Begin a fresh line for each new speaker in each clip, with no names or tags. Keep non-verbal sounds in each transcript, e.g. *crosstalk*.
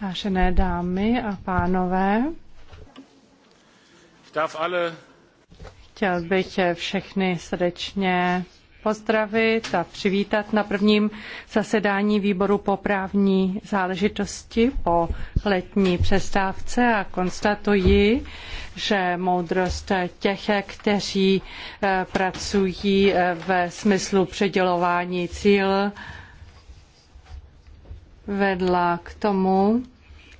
Vážené dámy a pánové, Chtěl bych všechny srdečně pozdravit a přivítat na prvním zasedání výboru po právní záležitosti po letní přestávce a konstatuji, že moudrost těch, kteří eh, pracují eh, ve smyslu předělování cíl, vedla k tomu,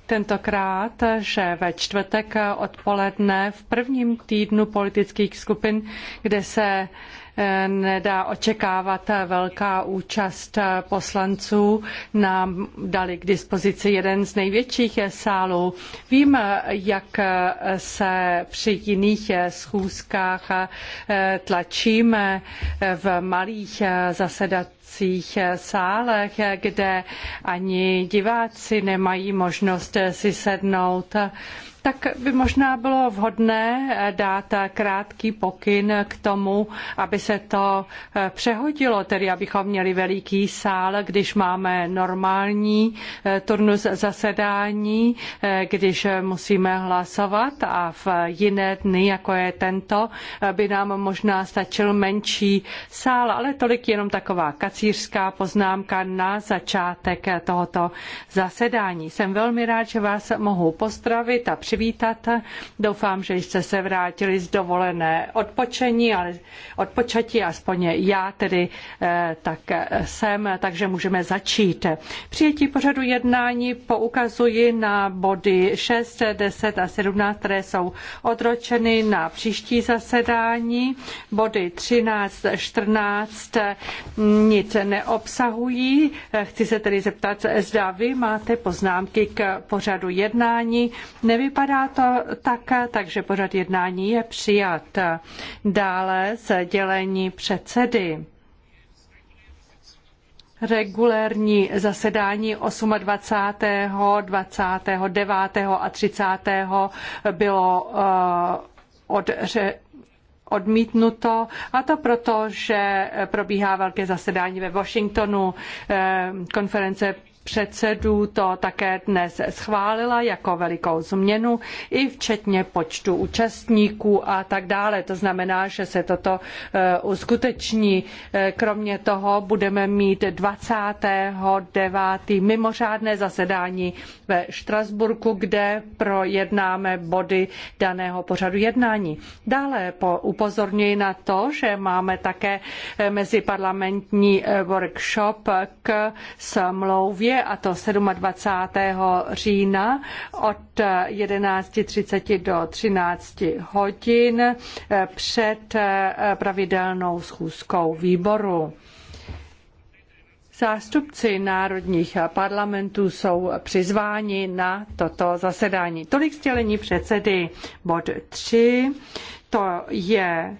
tentokrát, že ve čtvrtek odpoledne v prvním týdnu politických skupin, kde se Eh, nedá očekávat velká účast poslanců. Nám dali k dispozici jeden z největších sálů. Vím, jak se při jiných schůzkách eh, tlačíme v malých zasedacích sálech, kde ani diváci nemají možnost si sednout tak by možná bylo vhodné eh, dát eh, krátký pokyn k tomu, aby se to eh, přehodilo, tedy abychom měli veliký sál, když máme normální turnus zasedání, když musíme hlasovat a v jiné dny, jako je tento, by nám možná stačil menší sál, ale tolik jenom taková kacířská poznámka na začátek tohoto zasedání. Jsem velmi rád, že vás mohu pozdravit a přivítat. Doufám, že jste se vrátili z dovolené odpočení, ale odpočatí, aspoň já tedy eh, tak jsem, takže můžeme začít. Přijetí pořadu jednání poukazuji na body 6, 10 a 17, které jsou odročeny na příští zasedání. Body 13, 14 nic neobsahují. Chci se tedy zeptat, zda vy máte poznámky k pořadu jednání. Nevypadá Vypadá to tak, takže pořad jednání je přijat. Dále sdělení předsedy regulérní zasedání 28., 29. a 30. bylo eh, od, odmítnuto a to proto, že probíhá velké zasedání ve Washingtonu, eh, konference předsedů to také dnes schválila jako velikou změnu, i včetně počtu účastníků a tak dále. To znamená, že se toto eh, uskuteční. Eh, kromě toho budeme mít 29. mimořádné zasedání ve Štrasburku, kde projednáme body daného pořadu jednání. Dále upozorňuji na to, že máme také eh, meziparlamentní workshop k smlouvě a to 27. října od 11.30 do 13 hodin před eh, pravidelnou schůzkou výboru. Zástupci národních parlamentů jsou přizváni na toto zasedání. Tolik stělení předsedy. Bod 3, to je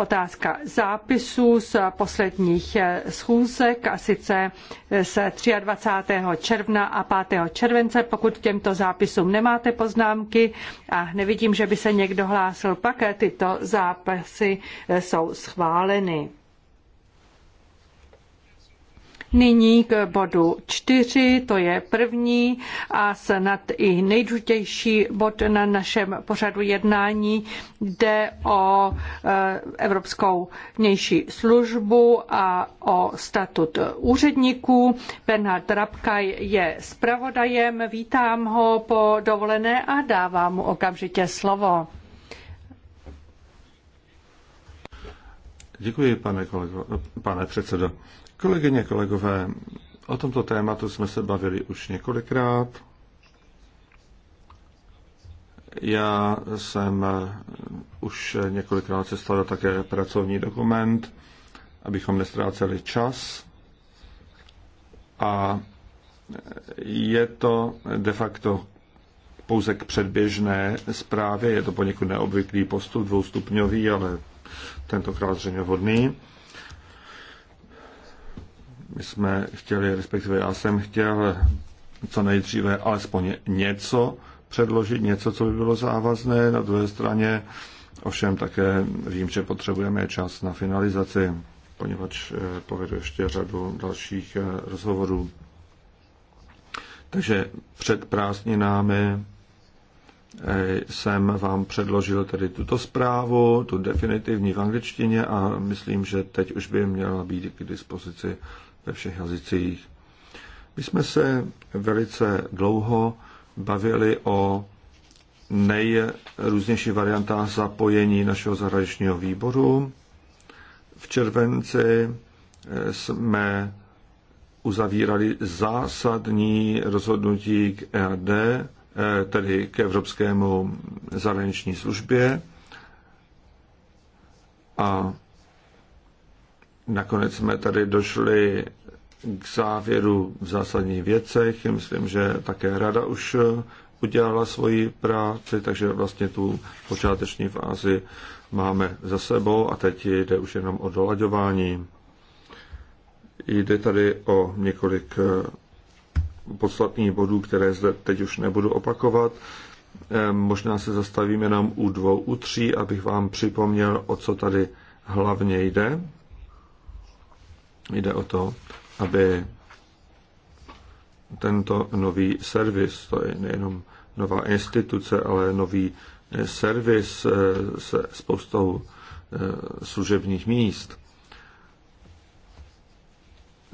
otázka zápisů z posledních eh, schůzek, a sice z eh, 23. června a 5. července. Pokud těmto zápisům nemáte poznámky a nevidím, že by se někdo hlásil, pak eh, tyto zápisy jsou schváleny. Nyní k bodu čtyři, to je první a snad i nejdůležitější bod na našem pořadu jednání. Jde o eh, Evropskou vnější službu a o statut úředníků. Bernhard Rabkaj je zpravodajem, vítám ho po dovolené a dávám mu okamžitě slovo.
Děkuji, pane, kolego, pane předsedo. Kolegyně, kolegové, o tomto tématu jsme se bavili už několikrát. Já jsem už několikrát sestavil také pracovní dokument, abychom nestráceli čas. A je to de facto pouze k předběžné zprávě. Je to poněkud neobvyklý postup, dvoustupňový, ale tentokrát zřejmě vhodný. My jsme chtěli, respektive já jsem chtěl co nejdříve alespoň něco předložit, něco, co by bylo závazné. Na druhé straně ovšem také vím, že potřebujeme čas na finalizaci, poněvadž eh, povedu ještě řadu dalších eh, rozhovorů. Takže před prázdninami eh, jsem vám předložil tedy tuto zprávu, tu definitivní v angličtině a myslím, že teď už by měla být k dispozici ve všech jazycích. My jsme se velice dlouho bavili o nejrůznějších variantách zapojení našeho zahraničního výboru. V červenci eh, jsme uzavírali zásadní rozhodnutí k EAD, eh, tedy k Evropskému zahraniční službě. A Nakonec jsme tady došli k závěru v zásadních věcech. Myslím, že také rada už eh, udělala svoji práci, takže vlastně tu počáteční fázi máme za sebou a teď jde už jenom o dolaďování. Jde tady o několik eh, podstatných bodů, které zde teď už nebudu opakovat. Eh, možná se zastavíme jenom u dvou, u tří, abych vám připomněl, o co tady hlavně jde. Jde o to, aby tento nový servis, to je nejenom nová instituce, ale nový eh, servis eh, se spoustou eh, služebních míst.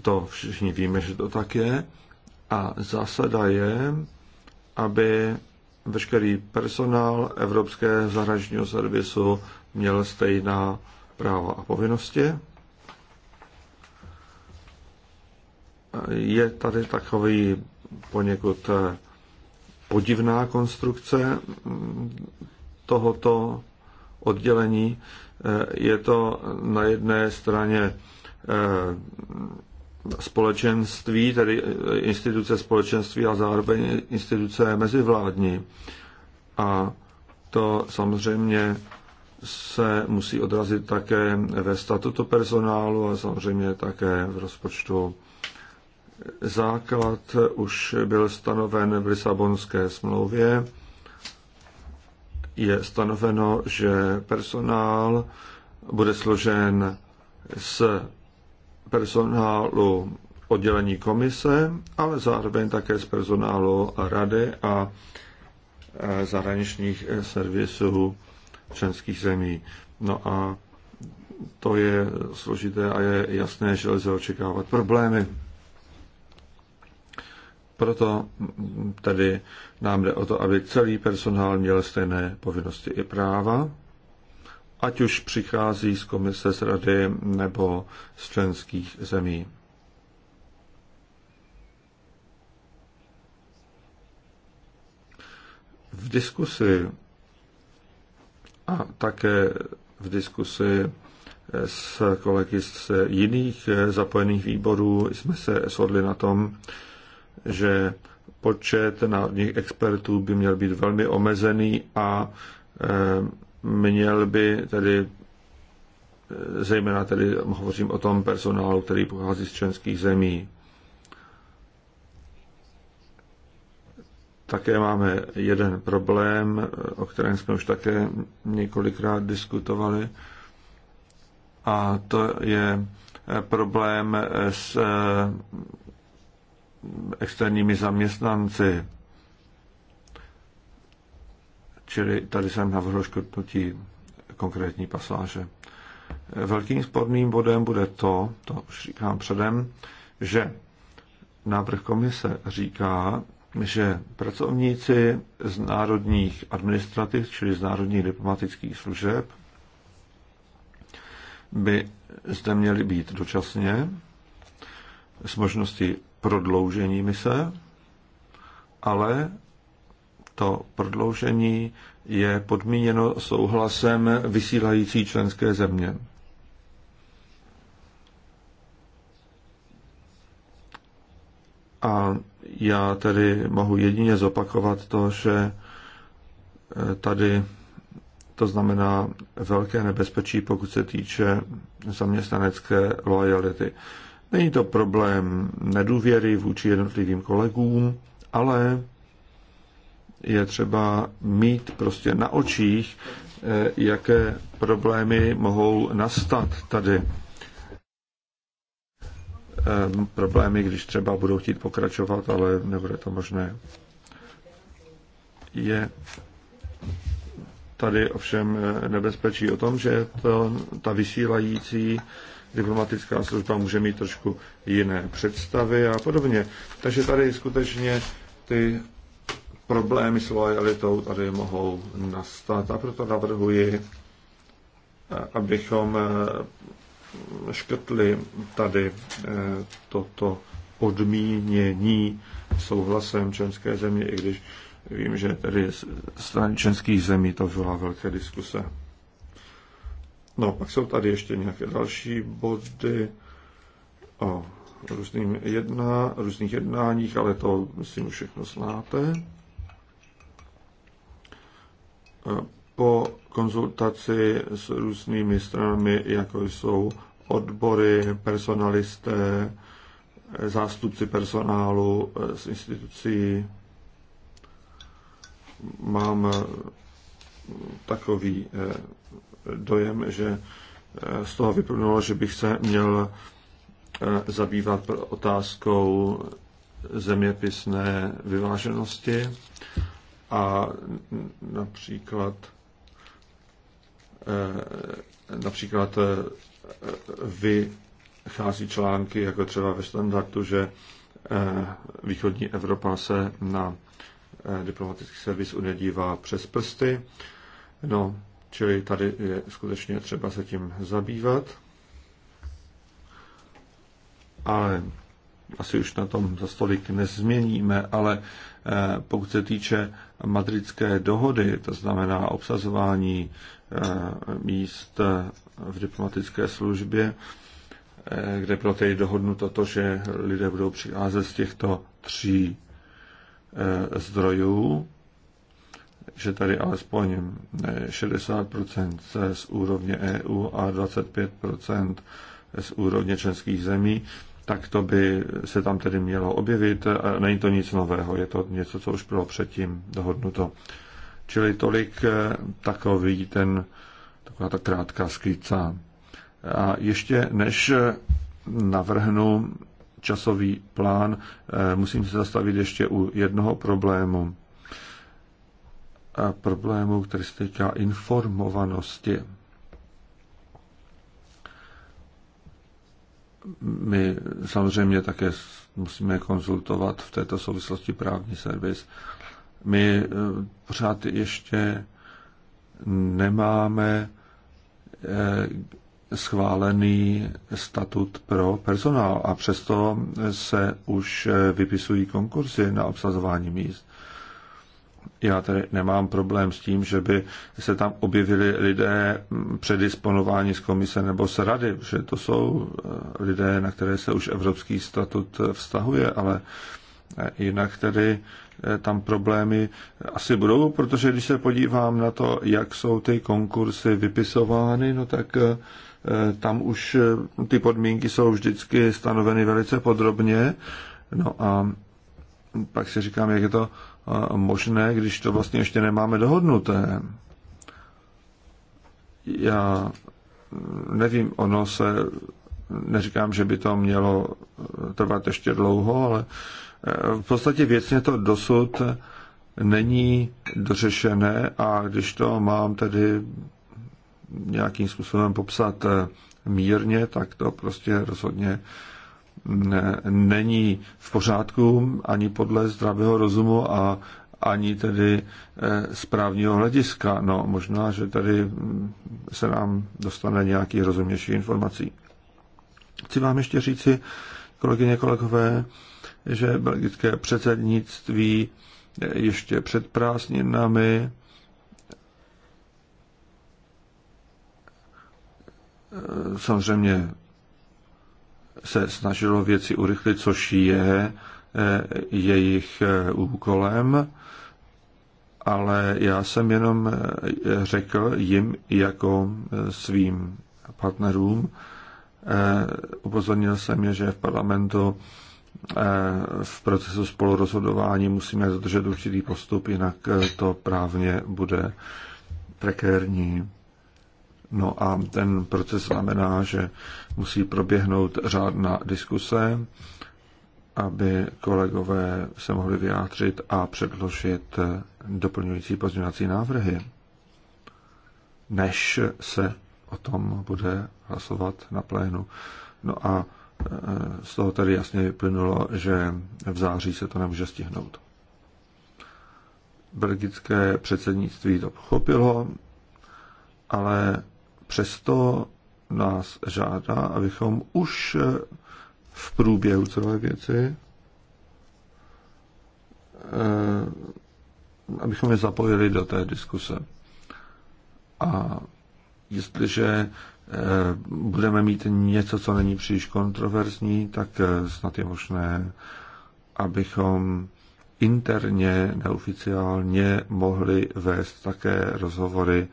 To všichni víme, že to tak je. A zásada je, aby veškerý personál Evropské zahraničního servisu měl stejná práva a povinnosti. je tady takový poněkud eh, podivná konstrukce mm, tohoto oddělení. Eh, je to na jedné straně eh, společenství, tedy instituce společenství a zároveň instituce mezivládní. A to samozřejmě se musí odrazit také ve statutu personálu a samozřejmě také v rozpočtu základ už byl stanoven v Lisabonské smlouvě. Je stanoveno, že personál bude složen z personálu oddělení komise, ale zároveň také z personálu rady a zahraničních servisů členských zemí. No a to je složité a je jasné, že lze očekávat problémy. Proto tedy nám jde o to, aby celý personál měl stejné povinnosti i práva, ať už přichází z komise, z rady nebo z členských zemí. V diskusi a také v diskusi s kolegy z jiných zapojených výborů jsme se shodli na tom, že počet národních expertů by měl být velmi omezený a eh, měl by tedy, eh, zejména tedy hovořím o tom personálu, který pochází z členských zemí. Také máme jeden problém, o kterém jsme už také několikrát diskutovali, a to je problém s eh, externími zaměstnanci. Čili tady jsem navrhl škrtnutí konkrétní pasáže. Velkým sporným bodem bude to, to už říkám předem, že návrh komise říká, že pracovníci z národních administrativ, čili z národních diplomatických služeb, by zde měli být dočasně s možností prodloužení mise, ale to prodloužení je podmíněno souhlasem vysílající členské země. A já tedy mohu jedině zopakovat to, že eh, tady to znamená velké nebezpečí, pokud se týče zaměstnanecké loajality. Není to problém nedůvěry vůči jednotlivým kolegům, ale je třeba mít prostě na očích, eh, jaké problémy mohou nastat tady. Ehm, problémy, když třeba budou chtít pokračovat, ale nebude to možné. Je tady ovšem eh, nebezpečí o tom, že to, ta vysílající diplomatická služba může mít trošku jiné představy a podobně. Takže tady skutečně ty problémy s lojalitou tady mohou nastat a proto navrhuji, eh, abychom eh, škrtli tady eh, toto odmínění souhlasem členské země, i když vím, že tady strany členských zemí to byla velké diskuse. No, pak jsou tady ještě nějaké další body o různých, jedna, různých jednáních, ale to, myslím, všechno znáte. Po konzultaci s různými stranami, jako jsou odbory, personalisté, zástupci personálu eh, z institucí, mám eh, takový eh, dojem, že eh, z toho vyplnulo, že bych se měl eh, zabývat otázkou zeměpisné vyváženosti a například eh, například vychází články, jako třeba ve standardu, že východní Evropa se na diplomatický servis unedívá přes prsty. No, Čili tady je skutečně třeba se tím zabývat. Ale asi už na tom za stolik nezměníme, ale eh, pokud se týče madridské dohody, to znamená obsazování eh, míst eh, v diplomatické službě, kde pro tedy dohodnuto to, že lidé budou přicházet z těchto tří zdrojů, že tady alespoň 60% eh, z úrovně EU a 25% z úrovně členských zemí, tak to by se tam tedy mělo objevit. Eh, není to nic nového, je to něco, co už bylo předtím dohodnuto. Čili tolik eh, takový ten, taková ta krátká skýca. A ještě než navrhnu časový plán, musím se zastavit ještě u jednoho problému problému, který se týká informovanosti. My samozřejmě také musíme konzultovat v této souvislosti právní servis. My eh, pořád ještě nemáme eh, schválený statut pro personál a přesto se už eh, vypisují konkurzy na obsazování míst. Já tady nemám problém s tím, že by se tam objevili lidé předisponováni z komise nebo z rady, že to jsou eh, lidé, na které se už evropský statut eh, vztahuje, ale eh, jinak tedy tam problémy asi budou, protože když se podívám na to, jak jsou ty konkursy vypisovány, no tak tam už ty podmínky jsou vždycky stanoveny velice podrobně. No a pak si říkám, jak je to možné, když to vlastně ještě nemáme dohodnuté. Já nevím, ono se, neříkám, že by to mělo trvat ještě dlouho, ale eh, v podstatě věcně to dosud není dořešené a když to mám tedy nějakým způsobem popsat eh, mírně, tak to prostě rozhodně není v pořádku ani podle zdravého rozumu a ani tedy správního eh, hlediska. No, možná, že tady hm, se nám dostane nějaký rozumnější informací. Chci vám ještě říci, kolegyně, kolegové, že belgické předsednictví ještě před prázdninami eh, samozřejmě se snažilo věci urychlit, což je eh, jejich eh, úkolem, ale já jsem jenom eh, řekl jim jako svým partnerům, upozornil jsem je, že v parlamentu v procesu spolurozhodování musíme dodržet určitý postup, jinak to právně bude prekérní. No a ten proces znamená, že musí proběhnout řádná diskuse, aby kolegové se mohli vyjádřit a předložit doplňující pozměňovací návrhy, než se o tom bude hlasovat na plénu. No a e, z toho tedy jasně vyplynulo, že v září se to nemůže stihnout. Belgické předsednictví to pochopilo, ale Přesto nás žádá, abychom už eh, v průběhu celé věci eh, abychom je zapojili do té diskuse. A jestliže eh, budeme mít něco, co není příliš kontroverzní, tak snad je možné, abychom interně, neoficiálně mohli vést také rozhovory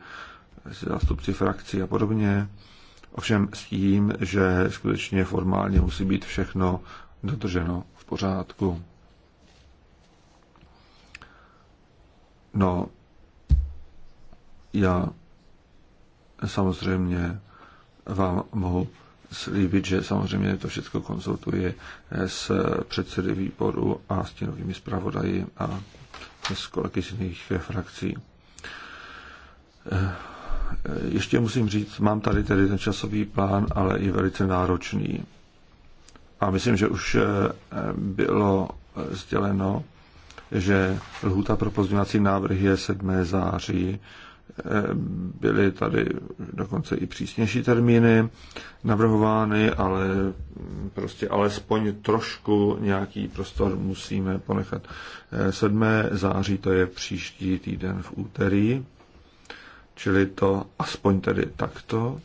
zástupci frakcí a podobně. Ovšem s tím, že skutečně formálně musí být všechno dodrženo v pořádku. No, já samozřejmě vám mohu slíbit, že samozřejmě to všechno konzultuji s předsedy výboru a s těmi zpravodaji a s kolegy z jiných frakcí. Eh, ještě musím říct, mám tady tedy ten časový plán, ale i velice náročný. A myslím, že už eh, bylo eh, sděleno, že lhůta pro pozměňovací návrh je 7. září. Byly tady dokonce i přísnější termíny navrhovány, ale prostě alespoň trošku nějaký prostor musíme ponechat. 7. září to je příští týden v úterý. Čili to aspoň tedy takto.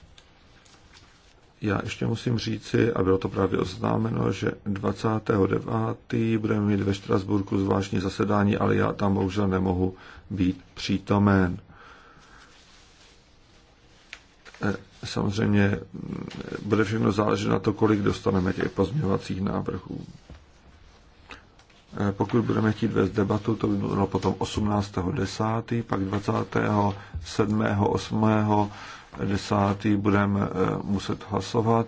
Já ještě musím říci, a bylo to právě oznámeno, že 29. budeme mít ve Štrasburku zvláštní zasedání, ale já tam bohužel nemohu být přítomen. E, samozřejmě bude všechno záležet na to, kolik dostaneme těch pozměňovacích návrhů. Eh, pokud budeme chtít vést debatu, to by bylo potom 18.10., pak 27. 8. 10. budeme eh, muset hlasovat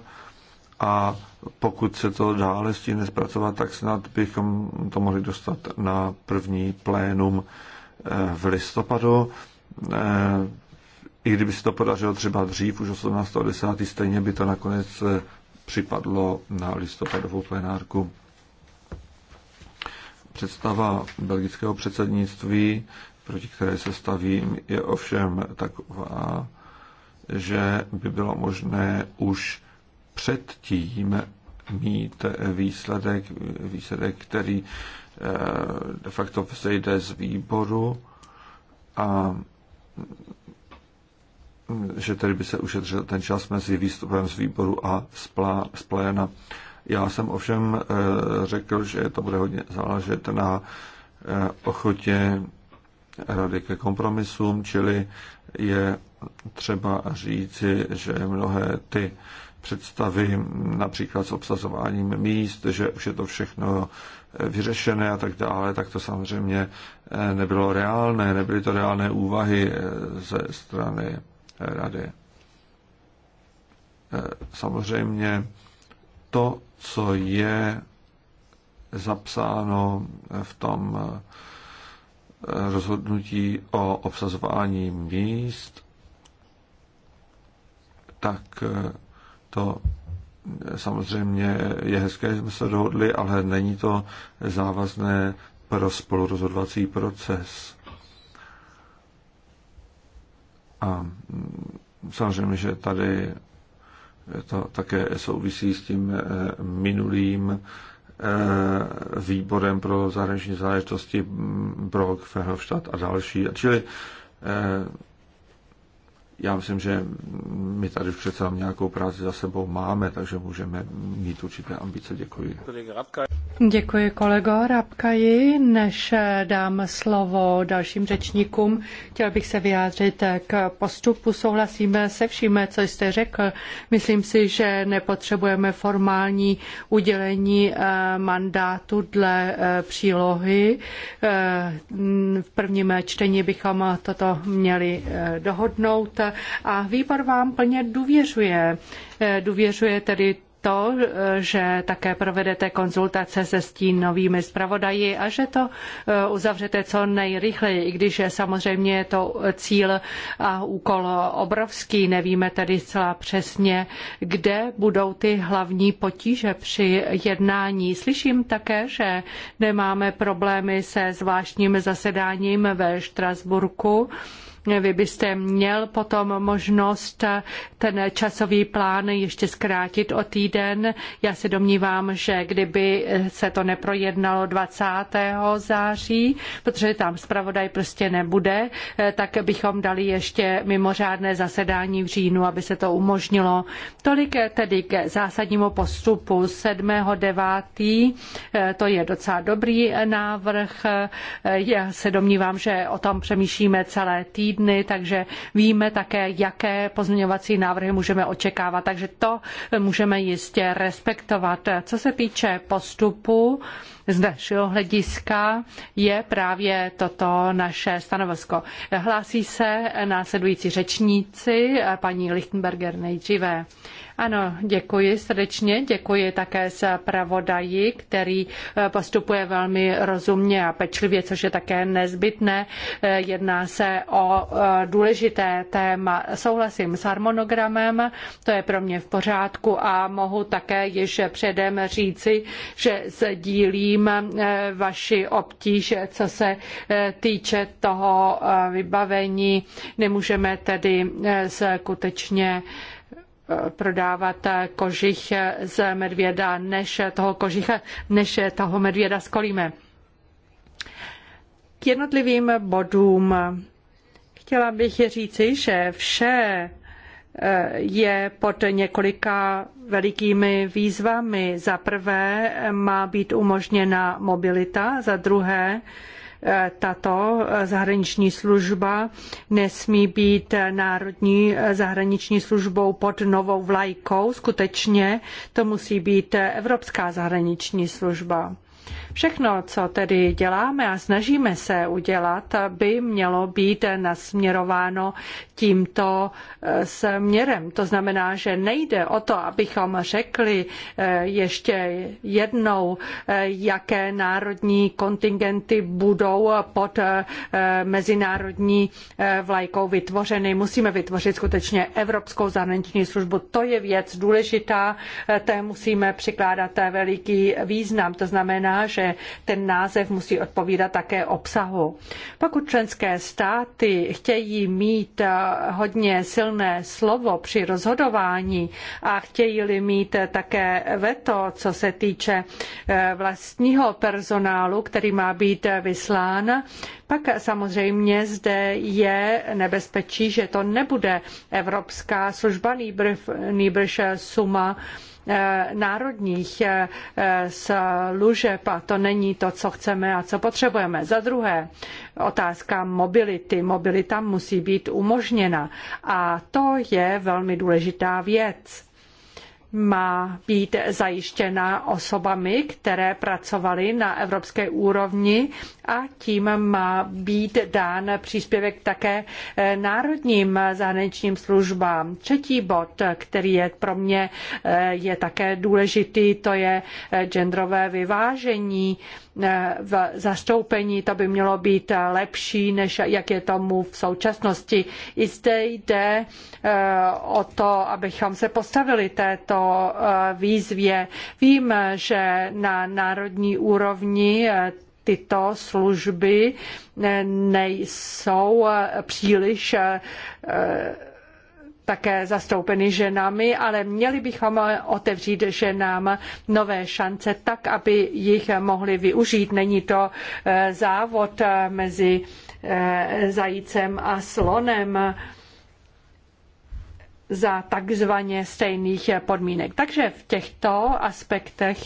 a pokud se to dále stihne zpracovat, tak snad bychom to mohli dostat na první plénum eh, v listopadu. I kdyby se to podařilo třeba dřív, už 18.10., stejně by to nakonec připadlo na listopadovou plenárku. Představa belgického předsednictví, proti které se stavím, je ovšem taková, že by bylo možné už předtím mít výsledek, výsledek, který eh, de facto vzejde z výboru a že tedy by se ušetřil ten čas mezi výstupem z výboru a z pléna. Já jsem ovšem eh, řekl, že to bude hodně záležet na eh, ochotě rady ke kompromisům, čili je třeba říci, že mnohé ty představy, například s obsazováním míst, že už je to všechno eh, vyřešené a tak dále, tak to samozřejmě nebylo reálné, nebyly to reálné úvahy ze strany rady. Samozřejmě to, co je zapsáno v tom eh, rozhodnutí o obsazování míst, tak eh, to eh, samozřejmě je hezké, že jsme se dohodli, ale není to závazné pro spolurozhodovací proces. A mm, samozřejmě, že tady to také souvisí s tím eh, minulým eh, výborem pro zahraniční záležitosti mm, Brok, Ferhofstadt a další. Čili eh, já myslím, že my tady přece nějakou práci za sebou máme, takže můžeme mít určité ambice. Děkuji.
Děkuji kolego Rabkaji. Než eh, dám slovo dalším řečníkům, chtěl bych se vyjádřit eh, k postupu. Souhlasíme se vším, eh, co jste řekl. Myslím si, že nepotřebujeme formální udělení mandátu dle přílohy. V prvním čtení bychom toto měli dohodnout a výbor vám plně důvěřuje. Důvěřuje tedy to, že také provedete konzultace se stínovými zpravodaji a že to e, uzavřete co nejrychleji, i když je samozřejmě to cíl a úkol obrovský. Nevíme tedy zcela přesně, kde budou ty hlavní potíže při jednání. Slyším také, že nemáme problémy se zvláštním zasedáním ve Štrasburku. Vy byste měl potom možnost ten časový plán ještě zkrátit o týden. Já se domnívám, že kdyby se to neprojednalo 20. září, protože tam zpravodaj prostě nebude, tak bychom dali ještě mimořádné zasedání v říjnu, aby se to umožnilo. Tolik tedy k zásadnímu postupu 7. 9. To je docela dobrý návrh. Já se domnívám, že o tom přemýšlíme celé týden týdny, takže víme také, jaké pozměňovací návrhy můžeme očekávat. Takže to můžeme jistě respektovat. Co se týče postupu, z našeho hlediska je právě toto naše stanovisko. Hlásí se následující řečníci, paní Lichtenberger nejdříve. Ano, děkuji srdečně, děkuji také zpravodaji, který eh, postupuje velmi rozumně a pečlivě, což je také nezbytné. Eh, jedná se o eh, důležité téma. Souhlasím s harmonogramem, to je pro mě v pořádku a mohu také již předem říci, že sdílím vaši obtíž, co se týče toho vybavení. Nemůžeme tedy skutečně prodávat kožich z medvěda, než toho kožicha, než toho medvěda z kolíme. K jednotlivým bodům chtěla bych říci, že vše eh, je pod několika velikými výzvami. Za prvé má být umožněna mobilita, za druhé tato zahraniční služba nesmí být národní zahraniční službou pod novou vlajkou. Skutečně to musí být Evropská zahraniční služba. Všechno, co tedy děláme a snažíme se udělat, by mělo být nasměrováno tímto eh, směrem. To znamená, že nejde o to, abychom řekli eh, ještě jednou, eh, jaké národní kontingenty budou pod mezinárodní vlajkou vytvořeny. Musíme vytvořit skutečně Evropskou zahraniční službu. To je věc důležitá, té musíme přikládat veliký význam. To znamená, že ten název musí odpovídat také obsahu. Pokud členské státy chtějí mít hodně silné slovo při rozhodování a chtějí-li mít také veto, co se týče eh, vlastního personálu, který má být vyslán, pak samozřejmě zde je nebezpečí, že to nebude Evropská služba, nýbrž suma eh, národních eh, služeb a to není to, co chceme a co potřebujeme. Za druhé, otázka mobility. Mobilita musí být umožněna umožněna. A to je velmi důležitá věc má být zajištěna osobami, které pracovaly na evropské úrovni a tím má být dán příspěvek také eh, národním zahraničním službám. Třetí bod, který je pro mě eh, je také důležitý, to je eh, genderové vyvážení Eh, v zastoupení. To by mělo být lepší, než jak je tomu v současnosti. I zde jde eh, o to, abychom se postavili této eh, výzvě. Vím, že na národní úrovni tyto služby nejsou příliš také zastoupeny ženami, ale měli bychom otevřít ženám nové šance tak, aby jich mohli využít. Není to eh, závod eh, mezi eh, zajícem a slonem za takzvaně stejných podmínek. Takže v těchto aspektech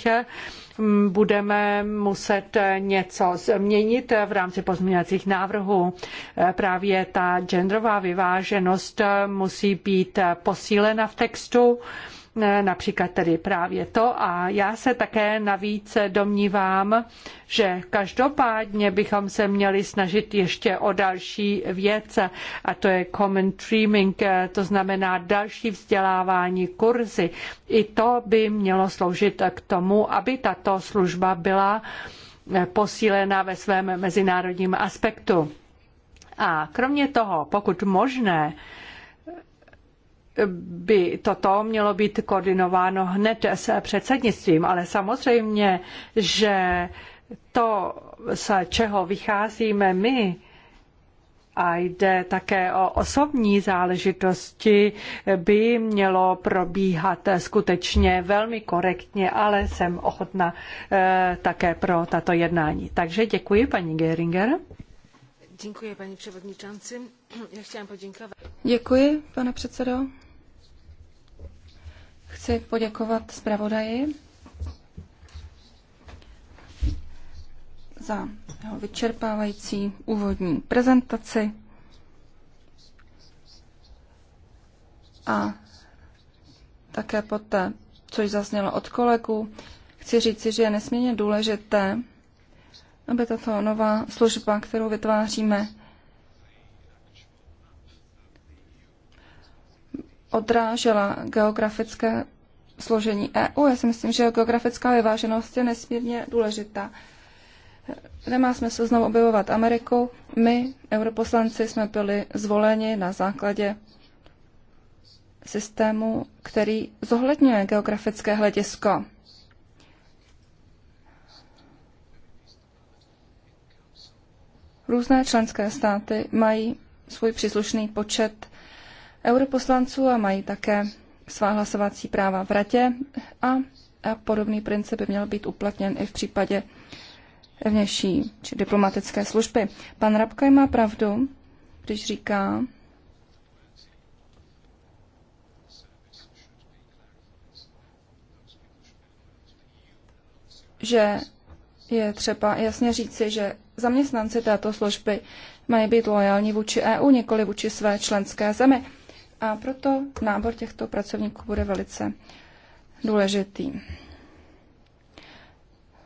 mm, budeme muset něco změnit v rámci pozměňovacích návrhů. Právě ta genderová vyváženost musí být posílena v textu například tedy právě to. A já se také navíc domnívám, že každopádně bychom se měli snažit ještě o další věc, a to je common streaming, to znamená další vzdělávání, kurzy. I to by mělo sloužit k tomu, aby tato služba byla posílena ve svém mezinárodním aspektu. A kromě toho, pokud možné, by toto mělo být koordinováno hned s předsednictvím, ale samozřejmě, že to, z čeho vycházíme my, a jde také o osobní záležitosti, by mělo probíhat skutečně velmi korektně, ale jsem ochotna eh, také pro tato jednání. Takže děkuji, paní Geringer. Děkuji, paní předsedající. Já chtěla poděkovat. Děkuji, pane předsedo.
Chci poděkovat zpravodaji za jeho vyčerpávající úvodní prezentaci a také poté, což zaznělo od kolegů, chci říci, že je nesmírně důležité, aby tato nová služba, kterou vytváříme, odrážela geografické složení EU. Já si myslím, že geografická vyváženost je nesmírně důležitá. Nemá smysl znovu objevovat Ameriku. My, europoslanci, jsme byli zvoleni na základě systému, který zohledňuje geografické hledisko. Různé členské státy mají svůj příslušný počet europoslanců a mají také svá hlasovací práva v radě a, a podobný princip by měl být uplatněn i v případě vnější či diplomatické služby. Pan Rabkaj má pravdu, když říká, že je třeba jasně říci, že zaměstnanci této služby mají být lojální vůči EU, nikoli vůči své členské zemi. A proto nábor těchto pracovníků bude velice důležitý.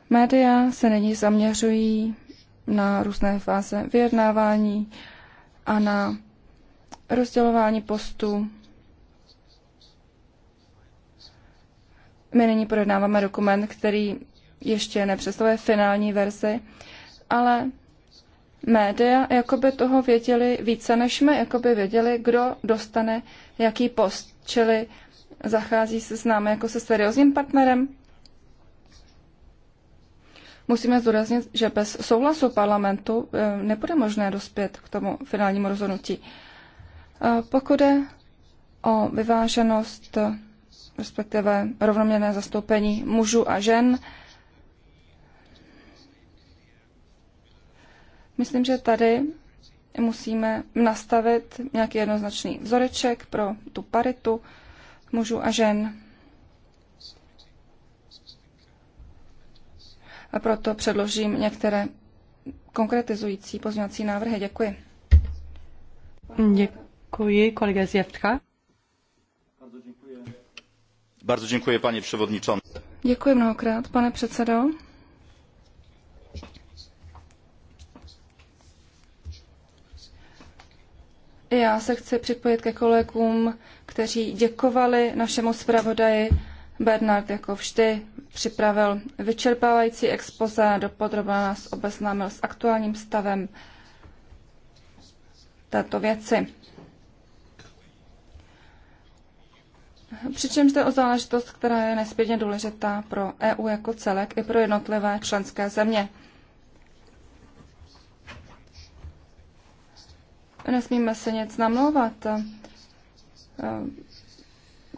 Média se nyní zaměřují na různé fáze vyjednávání a na rozdělování postů. My nyní projednáváme dokument, který ještě nepředstavuje finální verzi, ale média jako by toho věděli více než my, jako by věděli, kdo dostane jaký post, čili zachází se s námi jako se seriózním partnerem. Musíme zdůraznit, že bez souhlasu parlamentu eh, nebude možné dospět k tomu finálnímu rozhodnutí. Eh, pokud je o vyváženost, eh, respektive rovnoměrné zastoupení mužů a žen, Myslím, že tady musíme nastavit nějaký jednoznačný vzoreček pro tu paritu mužů a žen. A proto předložím některé konkretizující pozměňovací návrhy. Děkuji. Děkuji, kolega Zjevtka. Bardzo dziękuję, panie przewodniczący. Děkuji mnohokrát, pane předsedo. Já se chci připojit ke kolegům, kteří děkovali našemu zpravodaji. Bernard jako vždy připravil vyčerpávající expoze, dopodrobně nás obeznámil s aktuálním stavem této věci. Přičemž jde o záležitost, která je nespětně důležitá pro EU jako celek i pro jednotlivé členské země. nesmíme se nic namlouvat. Eh,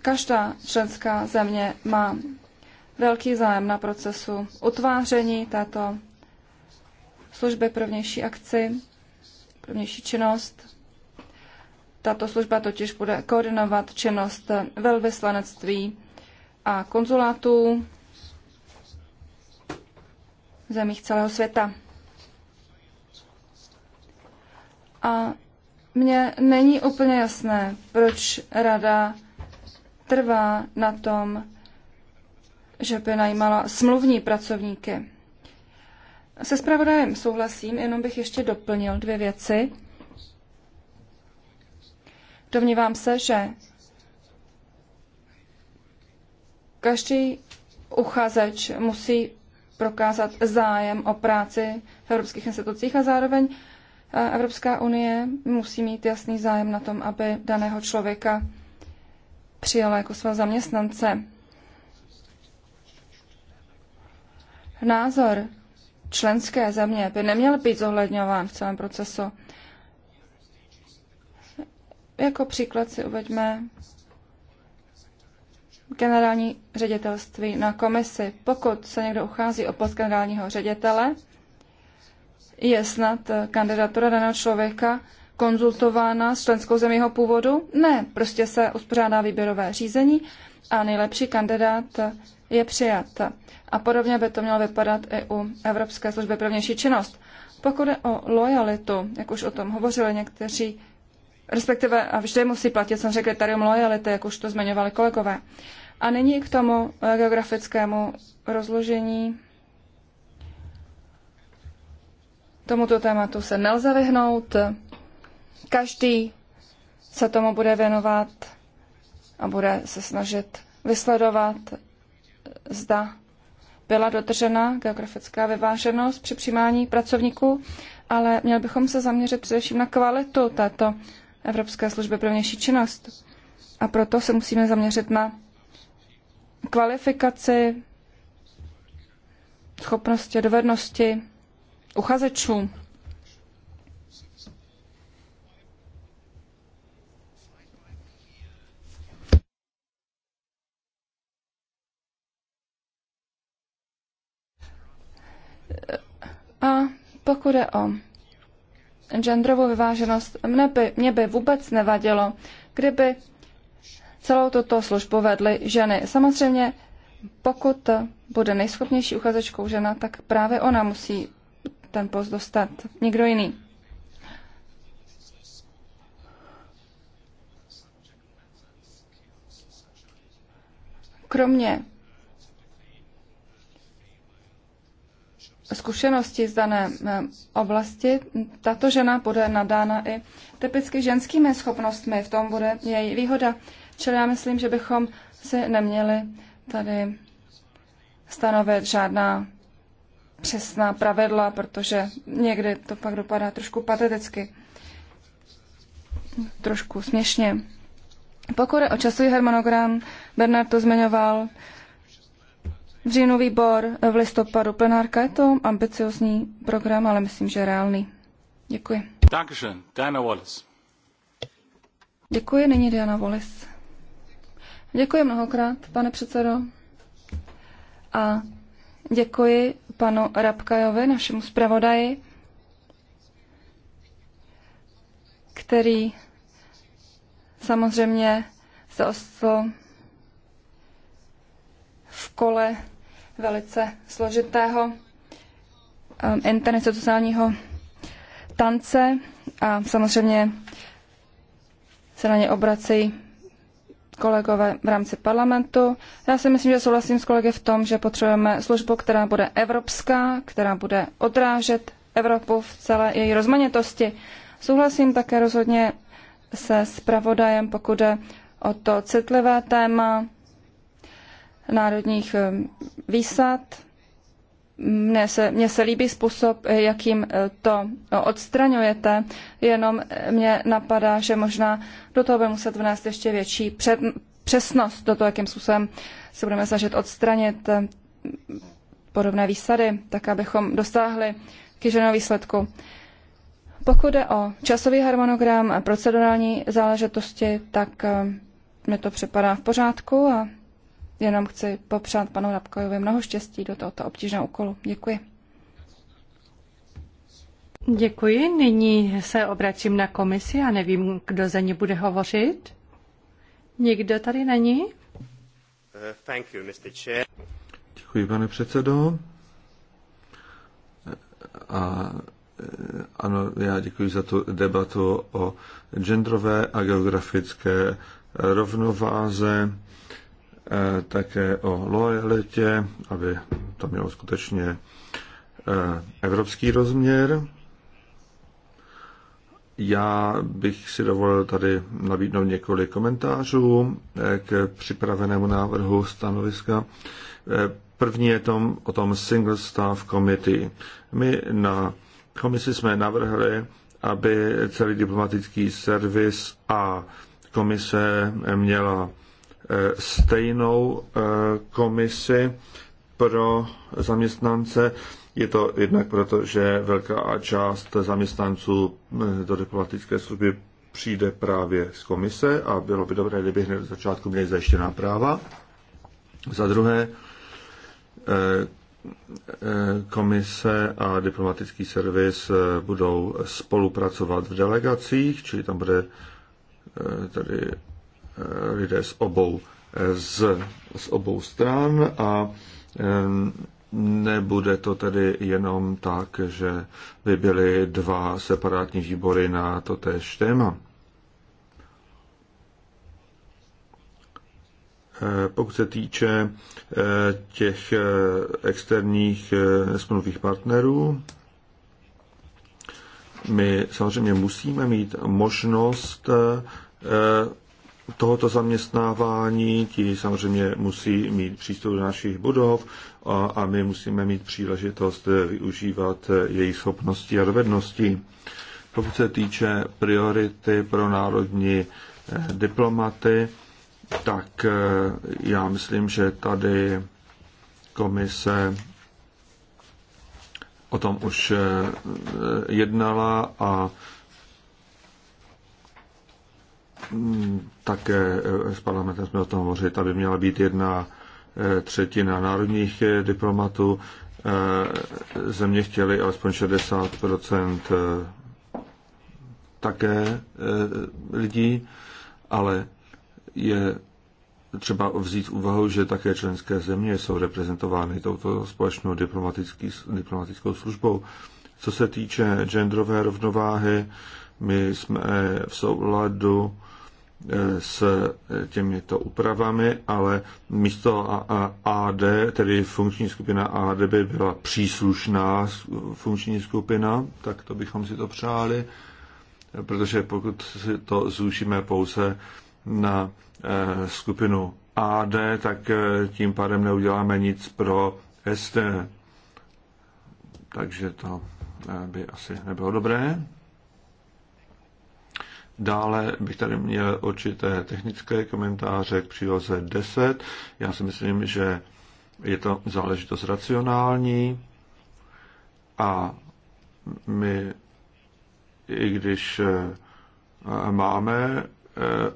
každá členská země má velký zájem na procesu utváření této služby pro vnější akci, pro vnější činnost. Tato služba totiž bude koordinovat činnost velvyslanectví a konzulátů v zemích celého světa. A mně není úplně jasné, proč rada trvá na tom, že by najímala smluvní pracovníky. Se zpravodajem souhlasím, jenom bych ještě doplnil dvě věci. Domnívám se, že každý uchazeč musí prokázat zájem o práci v evropských institucích a zároveň Evropská unie musí mít jasný zájem na tom, aby daného člověka přijala jako svého zaměstnance. Názor členské země by neměl být zohledňován v celém procesu. Jako příklad si uveďme generální ředitelství na komisi. Pokud se někdo uchází o post generálního ředitele, je snad eh, kandidatura daného člověka konzultována s členskou zemí jeho původu? Ne, prostě se uspořádá výběrové řízení a nejlepší kandidát je přijat. A podobně by to mělo vypadat i u Evropské služby pro vnější činnost. Pokud je o lojalitu, jak už o tom hovořili někteří, respektive a vždy musí platit jsem sekretarium lojality, jak už to zmiňovali kolegové. A nyní k tomu eh, geografickému rozložení Tomuto tématu se nelze vyhnout. Každý se tomu bude věnovat a bude se snažit vysledovat, zda byla dodržena geografická vyváženost při přijímání pracovníků, ale měli bychom se zaměřit především na kvalitu této Evropské služby pro vnější činnost. A proto se musíme zaměřit na kvalifikaci, schopnosti dovednosti uchazečů. A pokud je o genderovou vyváženost, mne by, mě by vůbec nevadilo, kdyby celou tuto službu vedly ženy. Samozřejmě, pokud bude nejschopnější uchazečkou žena, tak právě ona musí ten post dostat někdo jiný. Kromě zkušenosti z dané eh, oblasti, tato žena bude nadána i typicky ženskými schopnostmi. V tom bude její výhoda. Čili já myslím, že bychom si neměli tady stanovit žádná přesná pravidla, protože někdy to pak dopadá trošku pateticky, trošku směšně. Pokud je o časový harmonogram, Bernard to zmiňoval, v říjnu výbor, v listopadu plenárka. Je to ambiciozní program, ale myslím, že reálný. Děkuji. Takže, Diana Wallace. Děkuji, nyní Diana Wallace. Děkuji mnohokrát, pane předsedo. A Děkuji panu Rabkajovi, našemu zpravodaji, který samozřejmě se ostal v kole velice složitého um, interinstitucionálního tance a samozřejmě se na ně obracejí kolegové v rámci parlamentu. Já si myslím, že souhlasím s kolegy v tom, že potřebujeme službu, která bude evropská, která bude odrážet Evropu v celé její rozmanitosti. Souhlasím také rozhodně se zpravodajem, pokud jde o to citlivé téma národních eh, výsad, mně se, mně se líbí způsob, jakým eh, to eh, odstraňujete, jenom eh, mě napadá, že možná do toho bude muset vnést ještě větší před, přesnost do toho, jakým způsobem se budeme snažit odstranit podobné výsady, tak abychom dosáhli kýženého výsledku. Pokud jde o časový harmonogram a procedurální záležitosti, tak mi to připadá v pořádku a Jenom chci popřát panu Rabkojovi mnoho štěstí do tohoto obtížného úkolu. Děkuji.
Děkuji. Nyní se obracím na komisi a nevím, kdo za ní bude hovořit. Nikdo tady není?
Uh, děkuji, pane předsedo. A eh, ano, já děkuji za tu debatu o genderové a geografické rovnováze Eh, také o lojalitě, aby to mělo skutečně eh, evropský rozměr. Já bych si dovolil tady nabídnout několik komentářů eh, k připravenému návrhu stanoviska. První je tom, o tom Single Staff Committee. My na komisi jsme navrhli, aby celý diplomatický servis a komise měla Eh, stejnou eh, komisi pro zaměstnance. Je to jednak proto, že velká část zaměstnanců eh, do diplomatické služby přijde právě z komise a bylo by dobré, kdyby hned od začátku měli zajištěná práva. Za druhé, komise a diplomatický servis budou spolupracovat v delegacích, čili tam bude tady lidé z obou, z, z obou stran a nebude to tedy jenom tak, že by byly dva separátní výbory na to též téma. Eh, pokud se týče eh, těch eh, externích smluvních partnerů, my samozřejmě musíme mít možnost tohoto zaměstnávání, ti samozřejmě musí mít přístup do našich budov a, a my musíme mít příležitost využívat jejich schopnosti a dovednosti. Pokud se týče priority pro národní eh, diplomaty, tak eh, já myslím, že tady komise o tom už eh, jednala a Mm, také eh, s parlamentem jsme o tom hovořili, aby měla být jedna eh, třetina národních eh, diplomatů. Země chtěli alespoň 60 také lidí, ale je třeba vzít v úvahu, že také členské země jsou reprezentovány touto společnou diplomatickou službou. Co se týče genderové rovnováhy, my jsme v souladu s těmito úpravami, ale místo AD, tedy funkční skupina AD by byla příslušná funkční skupina, tak to bychom si to přáli, protože pokud si to zúšíme pouze na eh, skupinu AD, tak eh, tím pádem neuděláme nic pro ST. Takže to eh, by asi nebylo dobré. Dále bych tady měl určité technické komentáře k příloze 10. Já si myslím, že je to záležitost racionální a my, i když eh, máme eh,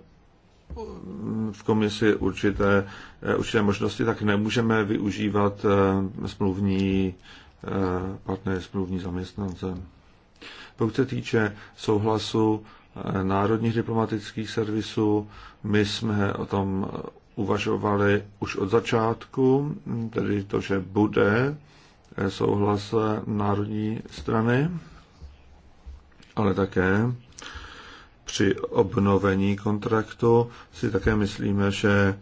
v komisi určité, eh, určité možnosti, tak nemůžeme využívat smluvní partnery, smluvní zaměstnance. Pokud se týče souhlasu národních diplomatických servisů. My jsme o tom uvažovali už od začátku, tedy to, že bude souhlas národní strany, ale také při obnovení kontraktu si také myslíme, že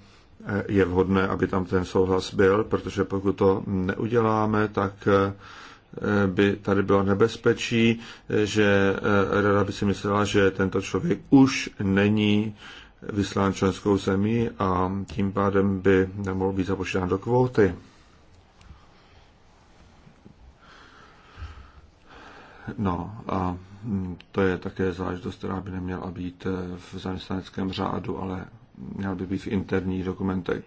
je vhodné, aby tam ten souhlas byl, protože pokud to neuděláme, tak by tady bylo nebezpečí, že eh, rada by si myslela, že tento člověk už není vyslán členskou zemí a tím pádem by nemohl být započítán do kvóty. No a to je také záležitost, která by neměla být v zaměstnaneckém řádu, ale měl by být v interních dokumentech.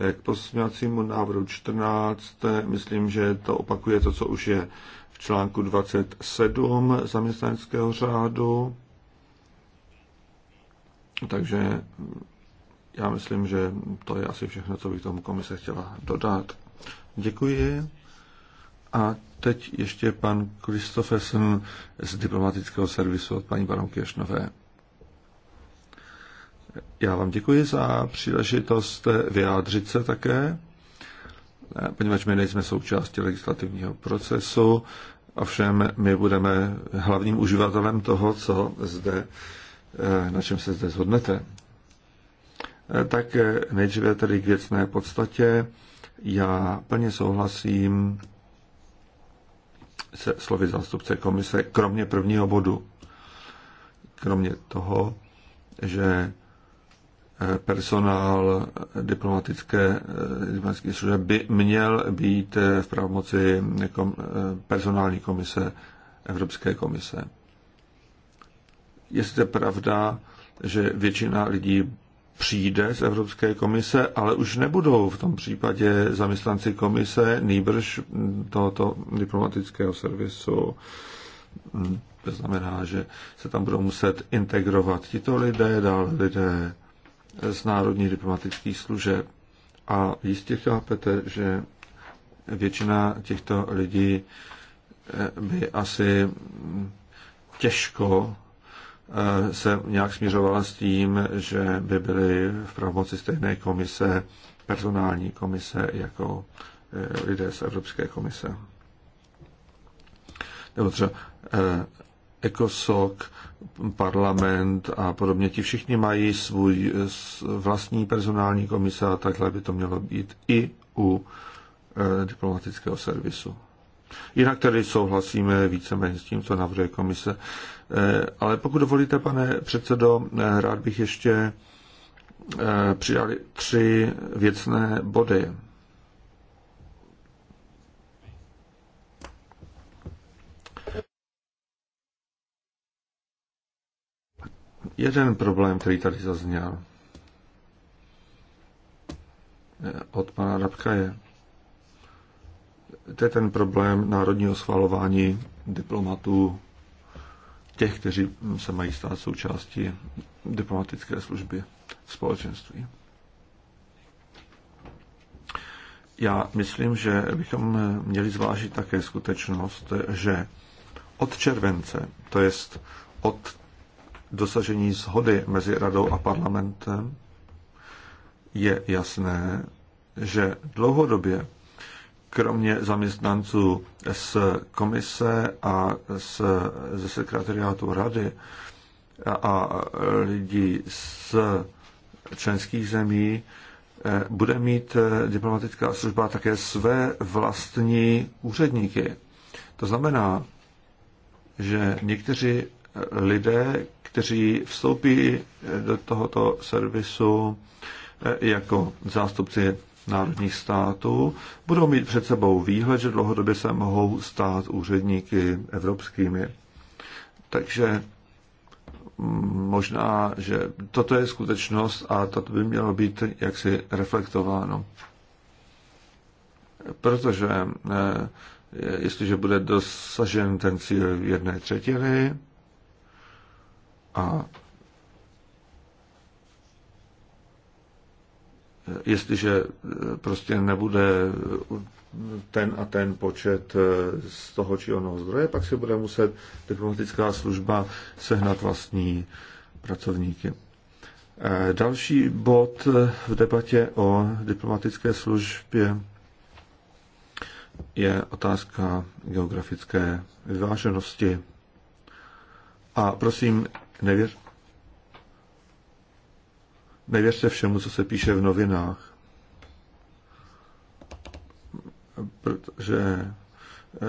Eh, k posměvacímu návrhu 14, eh, myslím, že to opakuje to, co už je v článku 27 zaměstnaneckého řádu. Takže mm, já myslím, že to je asi všechno, co bych tomu komise chtěla dodat. Děkuji. A teď ještě pan Kristofesen z diplomatického servisu od paní baronky Ješnové. Já vám děkuji za příležitost vyjádřit se také, poněvadž my nejsme součástí legislativního procesu, ovšem my budeme hlavním uživatelem toho, co zde, na čem se zde zhodnete. Tak nejdříve tedy k věcné podstatě. Já plně souhlasím se slovy zástupce komise, kromě prvního bodu. Kromě toho, že personál diplomatické, eh, diplomatické služby by měl být eh, v pravomoci eh, kom, personální komise Evropské komise. Je to pravda, že většina lidí přijde z Evropské komise, ale už nebudou v tom případě zaměstnanci komise, nýbrž hm, tohoto diplomatického servisu. Hm, to znamená, že se tam budou muset integrovat tito lidé, dále lidé z národních diplomatických služeb. A jistě chápete, že většina těchto lidí eh, by asi mm, těžko eh, se nějak směřovala s tím, že by byly v pravomoci stejné komise, personální komise, jako eh, lidé z Evropské komise. Nebo třeba ECOSOC parlament a podobně, ti všichni mají svůj vlastní personální komise a takhle by to mělo být i u eh, diplomatického servisu. Jinak tedy souhlasíme víceméně s tím, co navrhuje komise. Eh, ale pokud dovolíte, pane předsedo, eh, rád bych ještě přidali tři věcné body. jeden problém, který tady zazněl eh, od pana Rabka je, to je ten problém národního schvalování diplomatů, těch, kteří se mají stát součástí diplomatické služby v společenství. Já myslím, že bychom měli zvážit také skutečnost, že od července, to jest od dosažení shody mezi radou a parlamentem, je jasné, že dlouhodobě kromě zaměstnanců z komise a z, ze sekretariátu rady a, a lidí z členských zemí eh, bude mít eh, diplomatická služba také své vlastní úředníky. To znamená, že někteří lidé, kteří vstoupí eh, do tohoto servisu eh, jako zástupci národních států, budou mít před sebou výhled, že dlouhodobě se mohou stát úředníky evropskými. Takže mm, možná, že toto je skutečnost a toto by mělo být jaksi reflektováno. Protože eh, jestliže bude dosažen ten cíl jedné třetiny, a jestliže eh, prostě nebude eh, ten a ten počet eh, z toho či onoho zdroje, pak si bude muset diplomatická služba sehnat vlastní pracovníky. Další bod v debatě o diplomatické službě je otázka geografické vyváženosti. A prosím, Nevěř, nevěřte všemu, co se píše v novinách. Protože eh,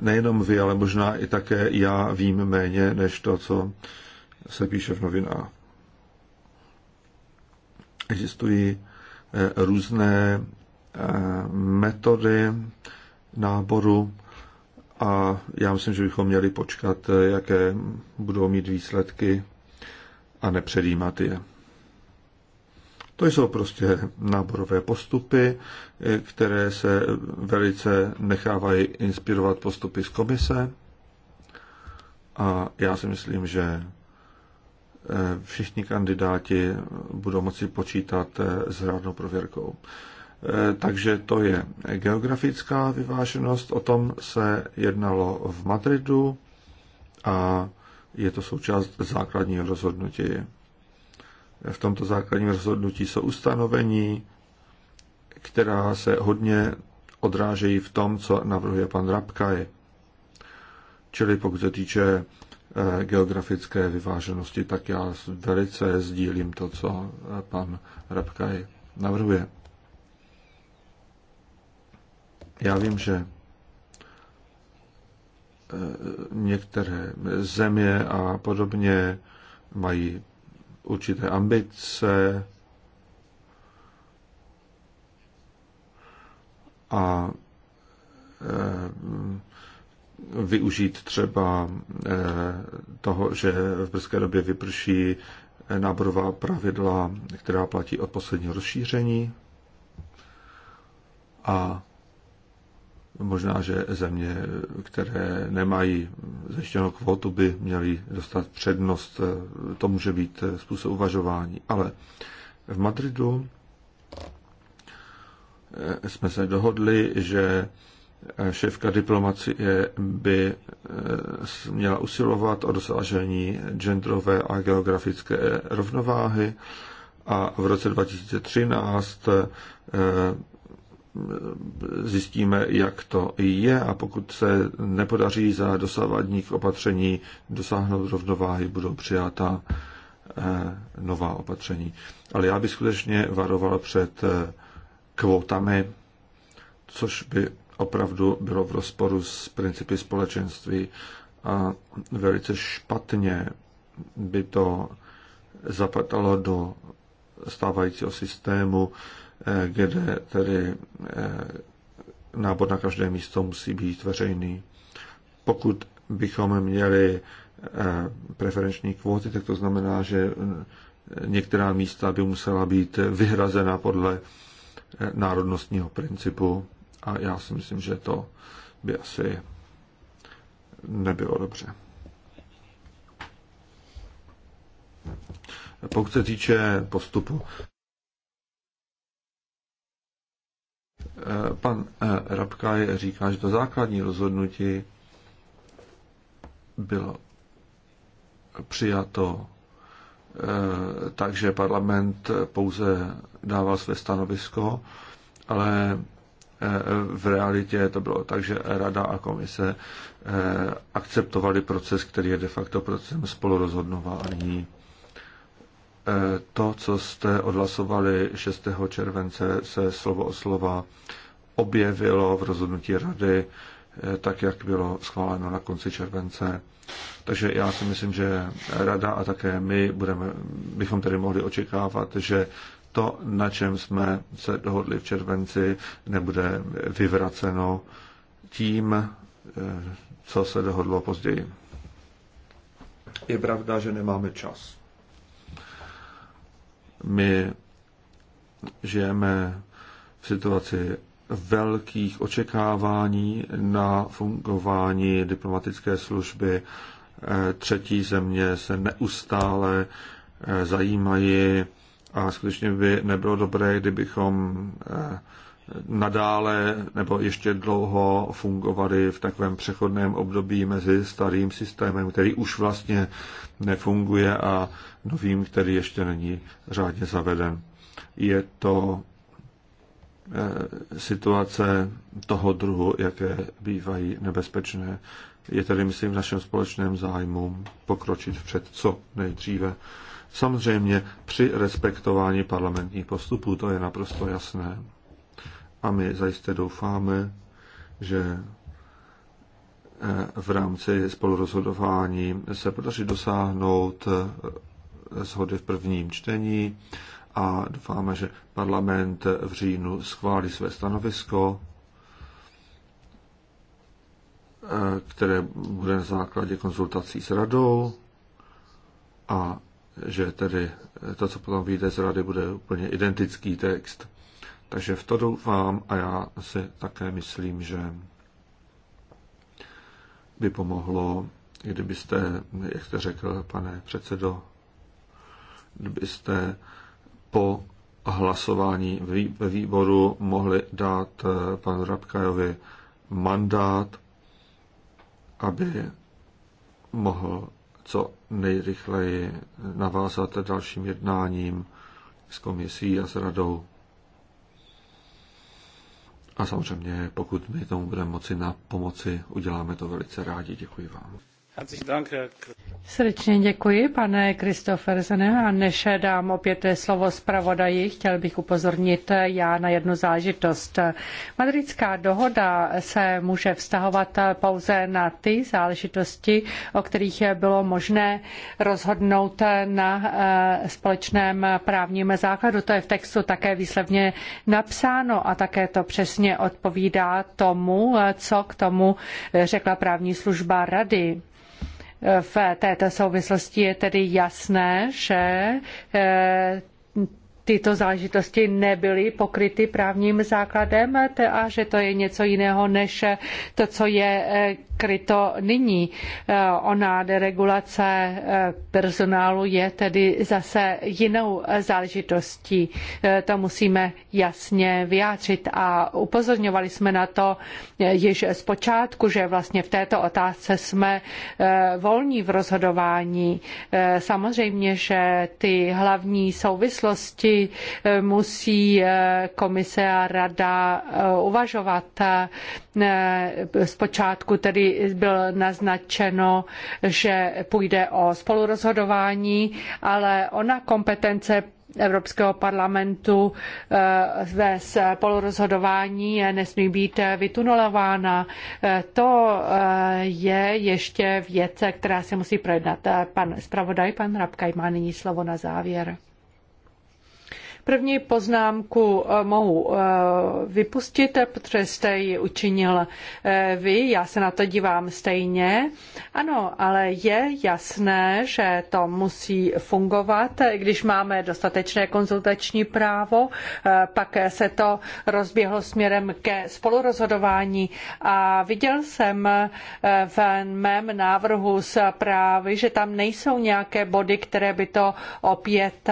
nejenom vy, ale možná i také já vím méně, než to, co se píše v novinách. Existují eh, různé eh, metody náboru a já myslím, že bychom měli počkat, jaké budou mít výsledky a nepředjímat je. To jsou prostě náborové postupy, které se velice nechávají inspirovat postupy z komise. A já si myslím, že eh, všichni kandidáti budou moci počítat eh, s řádnou prověrkou. Eh, takže to je geografická vyváženost, o tom se jednalo v Madridu a je to součást základního rozhodnutí. V tomto základním rozhodnutí jsou ustanovení, která se hodně odrážejí v tom, co navrhuje pan Rabkaj. Čili pokud se týče eh, geografické vyváženosti, tak já velice sdílím to, co eh, pan Rabkaj navrhuje. Já vím, že e, některé země a podobně mají určité ambice a e, využít třeba e, toho, že v brzké době vyprší náborová pravidla, která platí od posledního rozšíření a Možná, že země, které nemají zajištěnou kvotu, by měly dostat přednost. To může být způsob uvažování. Ale v Madridu eh, jsme se dohodli, že šéfka diplomacie by eh, měla usilovat o dosažení genderové a geografické rovnováhy a v roce 2013 zjistíme, jak to je a pokud se nepodaří za dosavadních opatření dosáhnout rovnováhy, budou přijata eh, nová opatření. Ale já bych skutečně varoval před eh, kvotami, což by opravdu bylo v rozporu s principy společenství a velice špatně by to zapadalo do stávajícího systému, kde tedy eh, nábor na každé místo musí být veřejný. Pokud bychom měli eh, preferenční kvóty, tak to znamená, že eh, některá místa by musela být vyhrazena podle národnostního principu a já si myslím, že to by asi nebylo dobře. Pokud se týče postupu, Eh, pan eh, Rabkaj říká, že to základní rozhodnutí bylo přijato, eh, takže parlament pouze dával své stanovisko, ale v realitě to bylo tak, že rada a komise akceptovali proces, který je de facto procesem spolurozhodnování to, co jste odhlasovali 6. července, se slovo o slova objevilo v rozhodnutí rady, eh, tak jak bylo schváleno na konci července. Takže já si myslím, že rada a také my budeme, bychom tedy mohli očekávat, že to, na čem jsme se dohodli v červenci, nebude vyvraceno tím, eh, co se dohodlo později. Je pravda, že nemáme čas. My žijeme v situaci velkých očekávání na fungování diplomatické služby. E, třetí země se neustále e, zajímají a skutečně by nebylo dobré, kdybychom e, nadále nebo ještě dlouho fungovaly v takovém přechodném období mezi starým systémem, který už vlastně nefunguje a novým, který ještě není řádně zaveden. Je to eh, situace toho druhu, jaké bývají nebezpečné. Je tedy, myslím, v našem společném zájmu pokročit vpřed co nejdříve. Samozřejmě při respektování parlamentních postupů, to je naprosto jasné a my zajisté doufáme, že eh, v rámci spolurozhodování se podaří dosáhnout eh, shody v prvním čtení a doufáme, že parlament v říjnu schválí své stanovisko, eh, které bude na základě konzultací s radou a že tedy to, co potom vyjde z rady, bude úplně identický text. Takže v to doufám a já si také myslím, že by pomohlo, kdybyste, jak jste řekl, pane předsedo, kdybyste po hlasování ve výboru mohli dát eh, panu Rabkajovi mandát, aby mohl co nejrychleji navázat dalším jednáním s komisí a s radou. A samozřejmě, pokud my tomu budeme moci na pomoci, uděláme to velice rádi. Děkuji vám.
Srdečně děkuji, pane Kristofersene. A než dám opět slovo zpravodaji, chtěl bych upozornit já na jednu zážitost. Madridská dohoda se může vztahovat pouze na ty záležitosti, o kterých bylo možné rozhodnout na eh, společném právním základu. To je v textu také výslovně napsáno a také to přesně odpovídá tomu, eh, co k tomu řekla právní služba rady. V této souvislosti je tedy jasné, že eh, tyto záležitosti nebyly pokryty právním základem a že to je něco jiného než to, co je eh, kryto nyní. Eh, ona deregulace eh, personálu je tedy zase jinou záležitostí. Eh, to musíme jasně vyjádřit a upozorňovali jsme na to již počátku, že vlastně v této otázce jsme volní v rozhodování. Samozřejmě, že ty hlavní souvislosti musí komise a rada uvažovat. Zpočátku tedy byl bylo naznačeno, že půjde o spolurozhodování, ale ona kompetence Evropského parlamentu eh, ve spolurozhodování nesmí být eh, vytunelována. Eh, to je ještě věc, která se musí projednat. Pan zpravodaj, pan Rabkaj má nyní slovo na závěr. První poznámku eh, mohu eh, vypustit, protože jste ji učinil eh, vy, já se na to dívám stejně. Ano, ale je jasné, že to musí fungovat, když máme dostatečné konzultační právo, pak se to rozběhlo směrem ke spolurozhodování a viděl jsem v mém návrhu zprávy, že tam nejsou nějaké body, které by to opět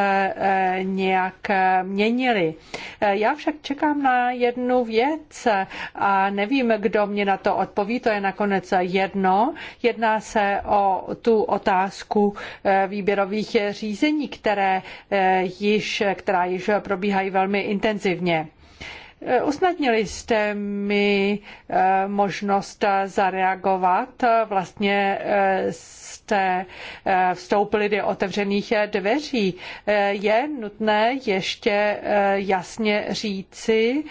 nějak měnili. Eh, já však čekám na jednu věc a nevím, kdo mě na to odpoví, to je nakonec jedno. Jedná se o tu otázku eh, výběrových řízení, které eh, již, která již probíhají velmi intenzivně. Usnadnili jste mi možnost zareagovat vlastně s se eh, vstoupili do otevřených eh, dveří. Eh, je nutné ještě jasně říci,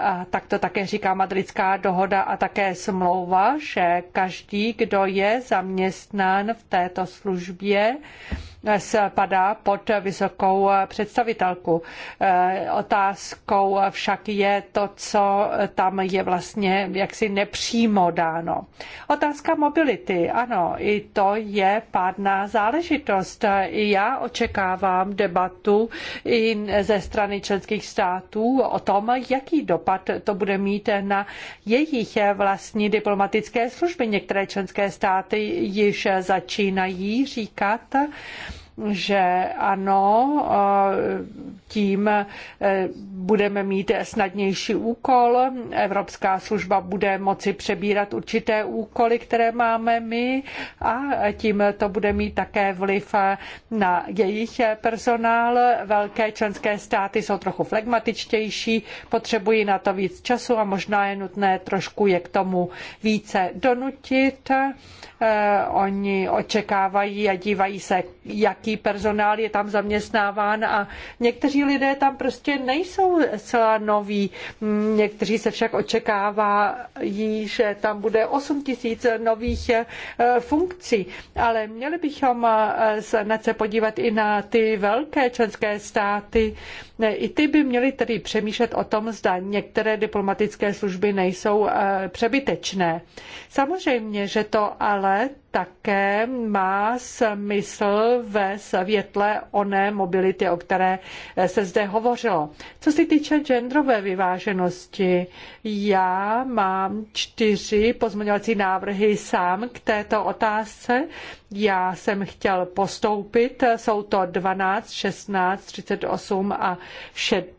a tak to také říká Madridská dohoda a také smlouva, že každý, kdo je zaměstnán v této službě, spadá pod vysokou představitelku. Eh, otázkou však je to, co tam je vlastně jaksi nepřímo dáno. Otázka mobility. Ano, i to je pádná záležitost. I já očekávám debatu i ze strany členských států o tom, jaký dopad to bude mít na jejich vlastní diplomatické služby. Některé členské státy již začínají říkat, že ano, tím e, budeme mít snadnější úkol. Evropská služba bude moci přebírat určité úkoly, které máme my a tím to bude mít také vliv na jejich personál. Velké členské státy jsou trochu flegmatičtější, potřebují na to víc času a možná je nutné trošku je k tomu více donutit. E, oni očekávají a dívají se jaký personál je tam zaměstnáván a někteří lidé tam prostě nejsou zcela noví. Někteří se však očekává, že tam bude 8 tisíc nových eh, funkcí, ale měli bychom eh, se na se podívat i na ty velké členské státy, ne, I ty by měly tedy přemýšlet o tom, zda některé diplomatické služby nejsou eh, přebytečné. Samozřejmě, že to ale také má smysl ve světle oné mobility, o které eh, se zde hovořilo. Co se týče genderové vyváženosti, já mám čtyři pozměňovací návrhy sám k této otázce. Já jsem chtěl postoupit, jsou to 12, 16, 38 a 60.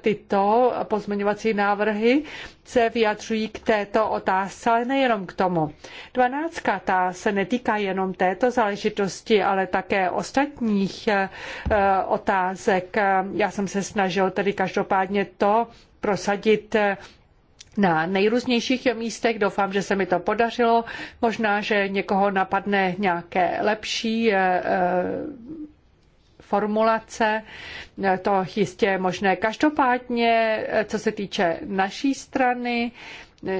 Tyto pozměňovací návrhy se vyjadřují k této otázce, ale nejenom k tomu. Dvanáctka ta se netýká jenom této záležitosti, ale také ostatních eh, otázek. Já jsem se snažil tedy každopádně to prosadit eh, na nejrůznějších místech. Doufám, že se mi to podařilo. Možná, že někoho napadne nějaké lepší eh, eh, formulace. To jistě je možné. Každopádně, eh, co se týče naší strany,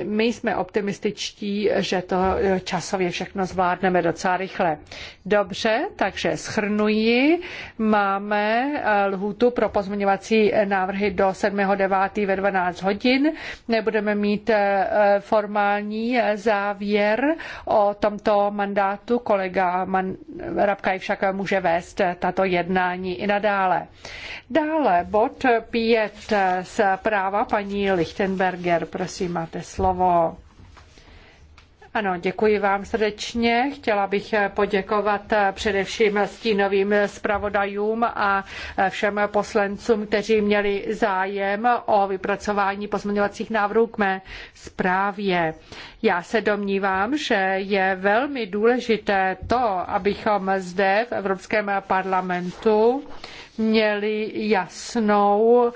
my jsme optimističtí, že to eh, časově všechno zvládneme docela rychle. Dobře, takže schrnuji. Máme eh, lhůtu pro pozměňovací návrhy do 7.9. ve 12 hodin. Nebudeme mít eh, formální závěr o tomto mandátu. Kolega Man- Rabkaj však může vést tato jednání i nadále. Dále bod 5 zpráva paní Lichtenberger. Prosím, máte slovo. Ano, děkuji vám srdečně. Chtěla bych poděkovat především stínovým zpravodajům a všem poslancům, kteří měli zájem o vypracování pozměňovacích návrhů k mé zprávě. Já se domnívám, že je velmi důležité to, abychom zde v Evropském parlamentu měli jasnou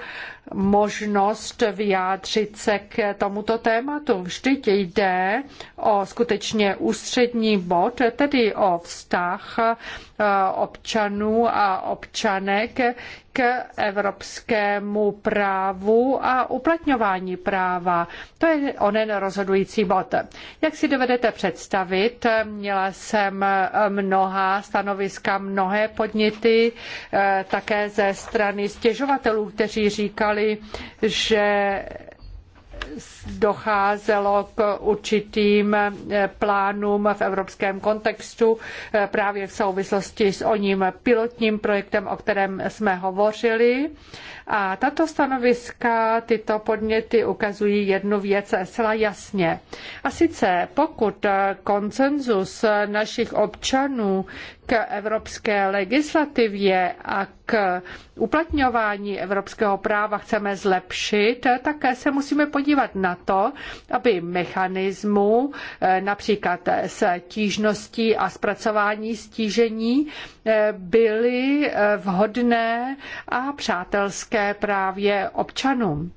možnost vyjádřit se k tomuto tématu. Vždyť jde o skutečně ústřední bod, tedy o vztah Eh, občanů a občanek k evropskému právu a uplatňování práva. To je onen rozhodující bod. Jak si dovedete představit, měla jsem mnoha stanoviska, mnohé podněty, eh, také ze strany stěžovatelů, kteří říkali, že docházelo k určitým eh, plánům v evropském kontextu eh, právě v souvislosti s oním pilotním projektem, o kterém jsme hovořili a tato stanoviska, tyto podněty ukazují jednu věc zcela jasně. A sice pokud konsenzus našich občanů k evropské legislativě a k uplatňování evropského práva chceme zlepšit, také se musíme podívat na to, aby mechanismu eh, například s tížností a zpracování stížení eh, byly eh, vhodné a přátelské blízké právě občanům.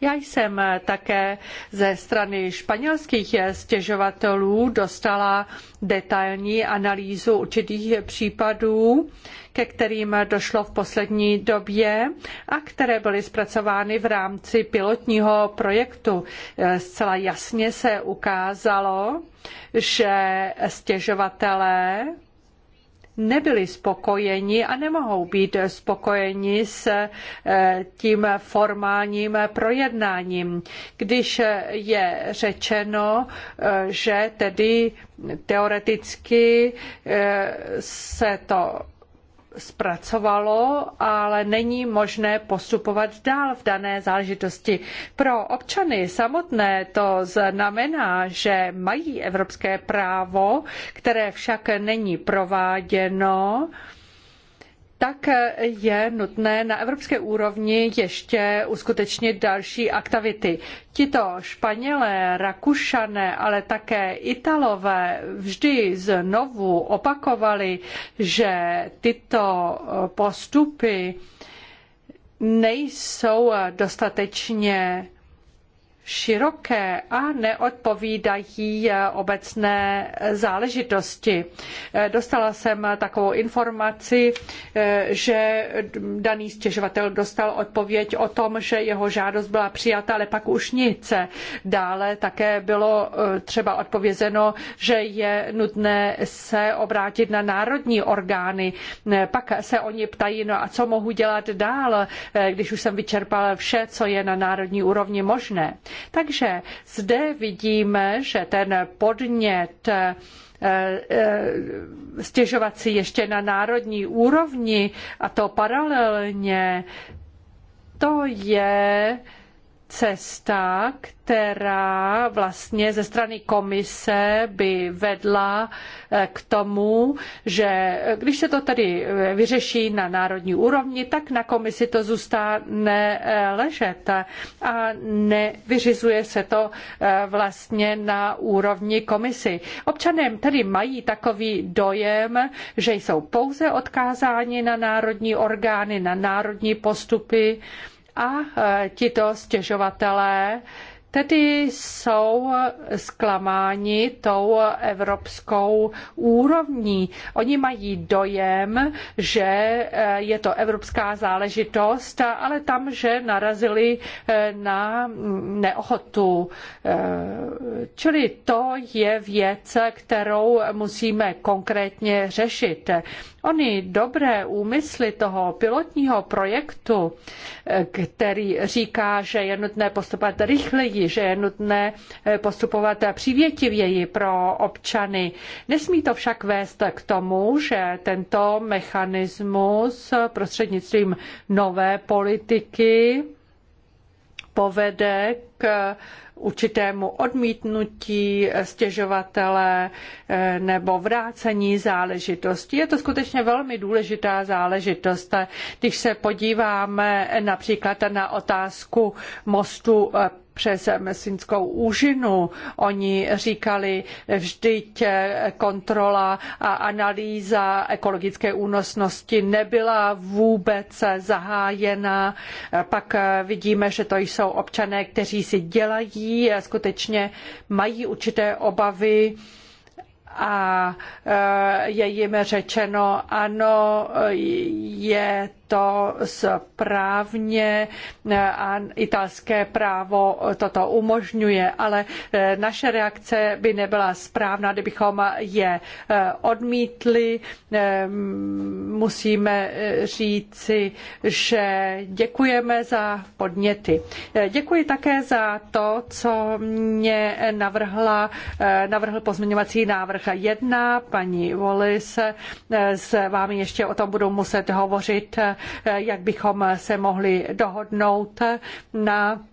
Já jsem také ze strany španělských stěžovatelů dostala detailní analýzu určitých případů, ke kterým došlo v poslední době a které byly zpracovány v rámci pilotního projektu. Zcela jasně se ukázalo, že stěžovatelé nebyli spokojeni a nemohou být spokojeni s eh, tím formálním projednáním. Když je řečeno, eh, že tedy teoreticky eh, se to zpracovalo, ale není možné postupovat dál v dané záležitosti. Pro občany samotné to znamená, že mají evropské právo, které však není prováděno, tak je nutné na evropské úrovni ještě uskutečnit další aktivity. Tito Španělé, Rakušané, ale také Italové vždy znovu opakovali, že tyto postupy nejsou dostatečně široké a neodpovídají eh, obecné záležitosti. Eh, dostala jsem takovou informaci, eh, že daný stěžovatel dostal odpověď o tom, že jeho žádost byla přijata, ale pak už nic. Dále také bylo třeba odpovězeno, že je nutné se obrátit na národní orgány. Pak se oni ptají, no a co mohu dělat dál, když už jsem vyčerpal vše, co je na národní úrovni možné. Takže zde vidíme, že ten podnět eh, eh, si ještě na národní úrovni a to paralelně, to je cesta, která vlastně ze strany komise by vedla eh, k tomu, že když se to tady eh, vyřeší na národní úrovni, tak na komisi to zůstane eh, ležet a nevyřizuje se to vlastně na úrovni komisy. Občané tedy mají takový dojem, že jsou pouze odkázáni na národní orgány, na národní postupy, a e, tito stěžovatelé tedy jsou zklamáni tou evropskou úrovní. Oni mají dojem, že e, je to evropská záležitost, ale tam, že narazili e, na neochotu. Čili to je věc, kterou musíme konkrétně řešit. Ony dobré úmysly toho pilotního projektu, který říká, že je nutné postupovat rychleji, že je nutné eh, postupovat přívětivěji pro občany. Nesmí to však vést k tomu, že tento mechanismus prostřednictvím nové politiky povede k určitému odmítnutí stěžovatele eh, nebo vrácení záležitosti. Je to skutečně velmi důležitá záležitost. Když se podíváme například na otázku mostu eh, přes Mesinskou úžinu. Oni říkali, vždyť kontrola a analýza ekologické únosnosti nebyla vůbec zahájena. Pak vidíme, že to jsou občané, kteří si dělají, skutečně mají určité obavy a e, je jim řečeno, ano, je to správně eh, a italské právo toto umožňuje, ale eh, naše reakce by nebyla správná, kdybychom je eh, odmítli. Ehm, musíme říci, že děkujeme za podněty. Děkuji také za to, co mě navrhla, navrhl pozměňovací návrh jedna paní Wallis, s vámi ještě o tom budu muset hovořit jak bychom se mohli dohodnout na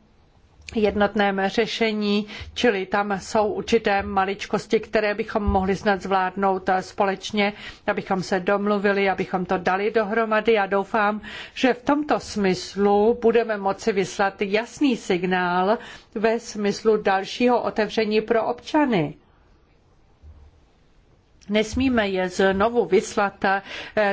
jednotném řešení, čili tam jsou určité maličkosti, které bychom mohli snad zvládnout společně, abychom se domluvili, abychom to dali dohromady. Já doufám, že v tomto smyslu budeme moci vyslat jasný signál ve smyslu dalšího otevření pro občany Nesmíme je znovu vyslat eh,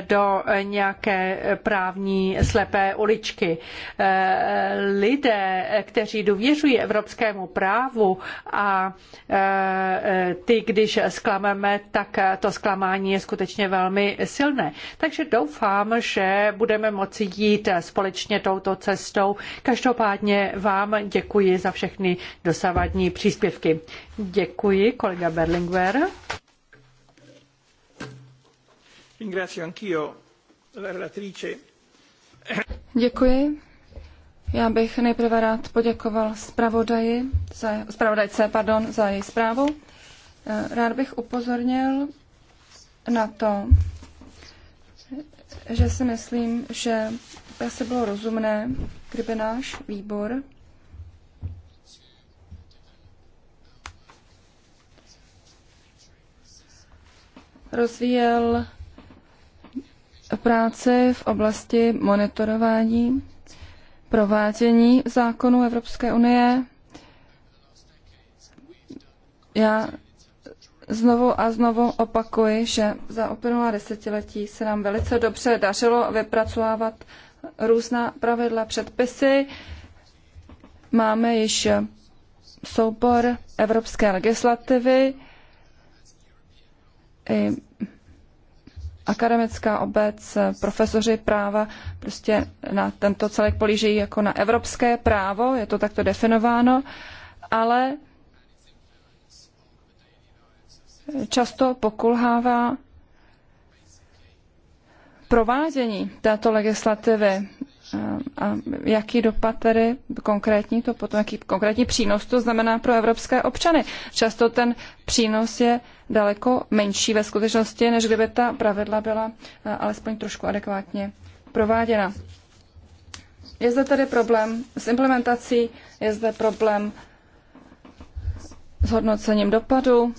do nějaké právní slepé uličky. Eh, lidé, kteří důvěřují evropskému právu a eh, ty, když zklameme, tak to zklamání je skutečně velmi silné. Takže doufám, že budeme moci jít společně touto cestou. Každopádně vám děkuji za všechny dosavadní příspěvky. Děkuji, kolega Berlingwer.
Děkuji. Já bych nejprve rád poděkoval zpravodajce za její zprávu. Eh, rád bych upozornil na to, že si myslím, že by asi bylo rozumné, kdyby náš výbor rozvíjel práci v oblasti monitorování, provádění zákonů Evropské unie. Já znovu a znovu opakuji, že za uplynulá desetiletí se nám velice dobře dařilo vypracovávat různá pravidla, předpisy. Máme již soubor evropské legislativy, akademická obec, profesoři práva prostě na tento celek polížejí jako na evropské právo, je to takto definováno, ale často pokulhává provádění této legislativy a jaký dopad tedy konkrétní to potom, jaký konkrétní přínos to znamená pro evropské občany? Často ten přínos je daleko menší ve skutečnosti, než kdyby ta pravidla byla eh, alespoň trošku adekvátně prováděna. Je zde tedy problém s implementací, je zde problém s hodnocením dopadu,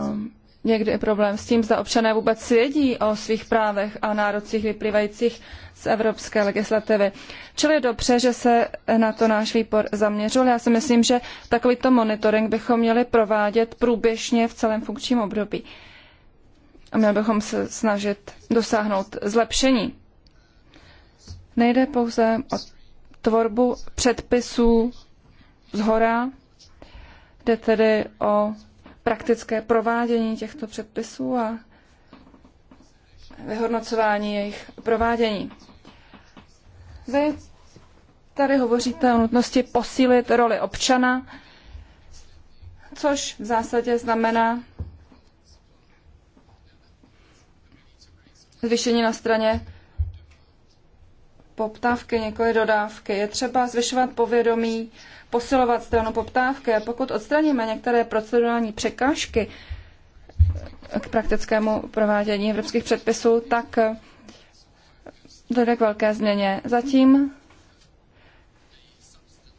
Um, někdy je problém s tím, zda občané vůbec vědí o svých právech a nárocích vyplývajících z evropské legislativy. Čili je dobře, že se na to náš výbor zaměřil. Já si myslím, že takovýto monitoring bychom měli provádět průběžně v celém funkčním období. A měli bychom se snažit dosáhnout zlepšení. Nejde pouze o tvorbu předpisů z hora, jde tedy o praktické provádění těchto předpisů a vyhodnocování jejich provádění. Vy tady hovoříte o nutnosti posílit roli občana, což v zásadě znamená zvýšení na straně poptávky, několik dodávky. Je třeba zvyšovat povědomí posilovat stranu poptávky. Pokud odstraníme některé procedurální překážky k praktickému provádění evropských předpisů, tak dojde k velké změně. Zatím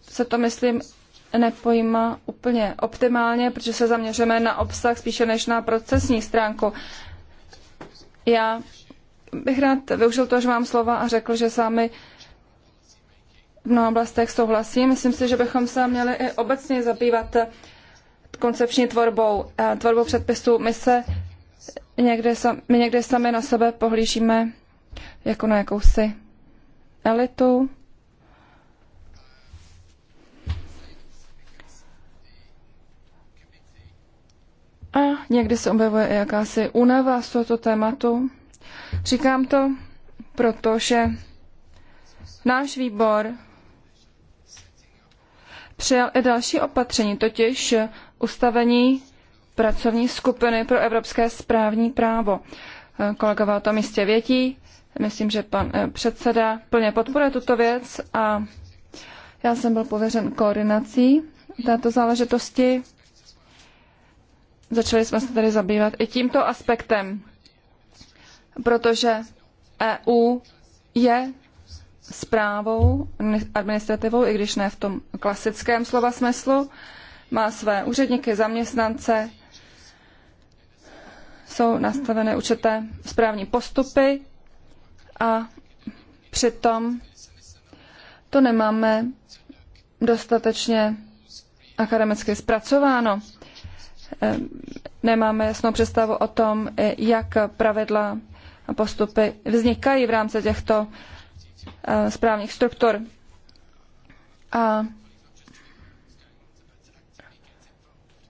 se to, myslím, nepojímá úplně optimálně, protože se zaměřeme na obsah spíše než na procesní stránku. Já bych rád využil to, že mám slova a řekl, že sami No, v mnoha oblastech souhlasím. Myslím si, že bychom se měli i obecně zabývat eh, koncepční tvorbou, eh, tvorbou předpisů. My se někdy, my někdy sami na sebe pohlížíme jako na jakousi elitu. A někdy se objevuje i jakási únava z tohoto tématu. Říkám to, protože náš výbor přijal i další opatření, totiž ustavení pracovní skupiny pro evropské správní právo. Kolegové o tom jistě vědí. Myslím, že pan eh, předseda plně podporuje tuto věc a já jsem byl pověřen koordinací této záležitosti. Začali jsme se tady zabývat i tímto aspektem, protože EU je Správou administrativou, i když ne v tom klasickém slova smyslu. Má své úředníky, zaměstnance, jsou nastavené určité správní postupy a přitom to nemáme dostatečně akademicky zpracováno. Ehm, nemáme jasnou představu o tom, jak pravidla a postupy vznikají v rámci těchto Eh, správních struktur. A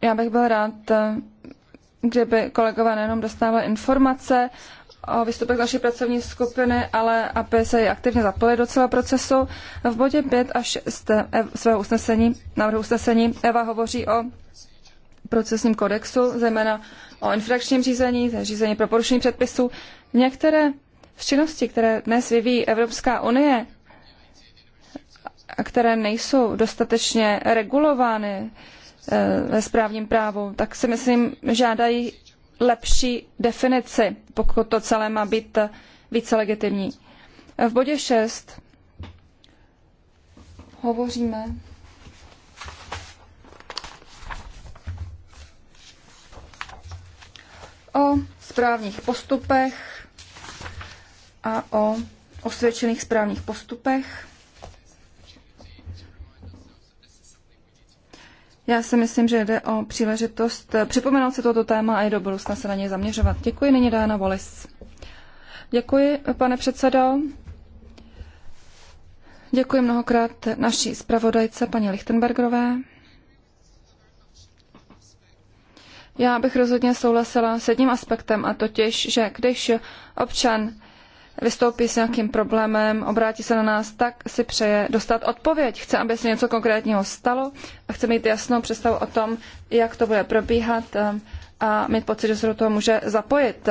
já bych byl rád, eh, kdyby kolegové nejenom dostávali informace o vystupech naší pracovní skupiny, ale aby se i aktivně zapojili do celého procesu. V bodě 5 až eh, svého usnesení, návrhu usnesení Eva hovoří o procesním kodexu, zejména o infrakčním řízení, řízení pro porušení předpisů. Některé v činnosti, které dnes vyvíjí Evropská unie a které nejsou dostatečně regulovány eh, ve správním právu, tak si myslím, žádají lepší definici, pokud to celé má být eh, více legitimní. V bodě 6 hovoříme o správních postupech a o osvědčených správních postupech. Já si myslím, že jde o příležitost připomenout si toto téma a i do budoucna se na něj zaměřovat. Děkuji, nyní Dána Wallis. Děkuji, pane předsedo. Děkuji mnohokrát naší zpravodajce, paní Lichtenbergerové. Já bych rozhodně souhlasila s jedním aspektem, a totiž, že když občan vystoupí s nějakým problémem, obrátí se na nás, tak si přeje dostat odpověď. Chce, aby se něco konkrétního stalo a chce mít jasnou představu o tom, jak to bude probíhat eh, a mít pocit, že se do toho může zapojit.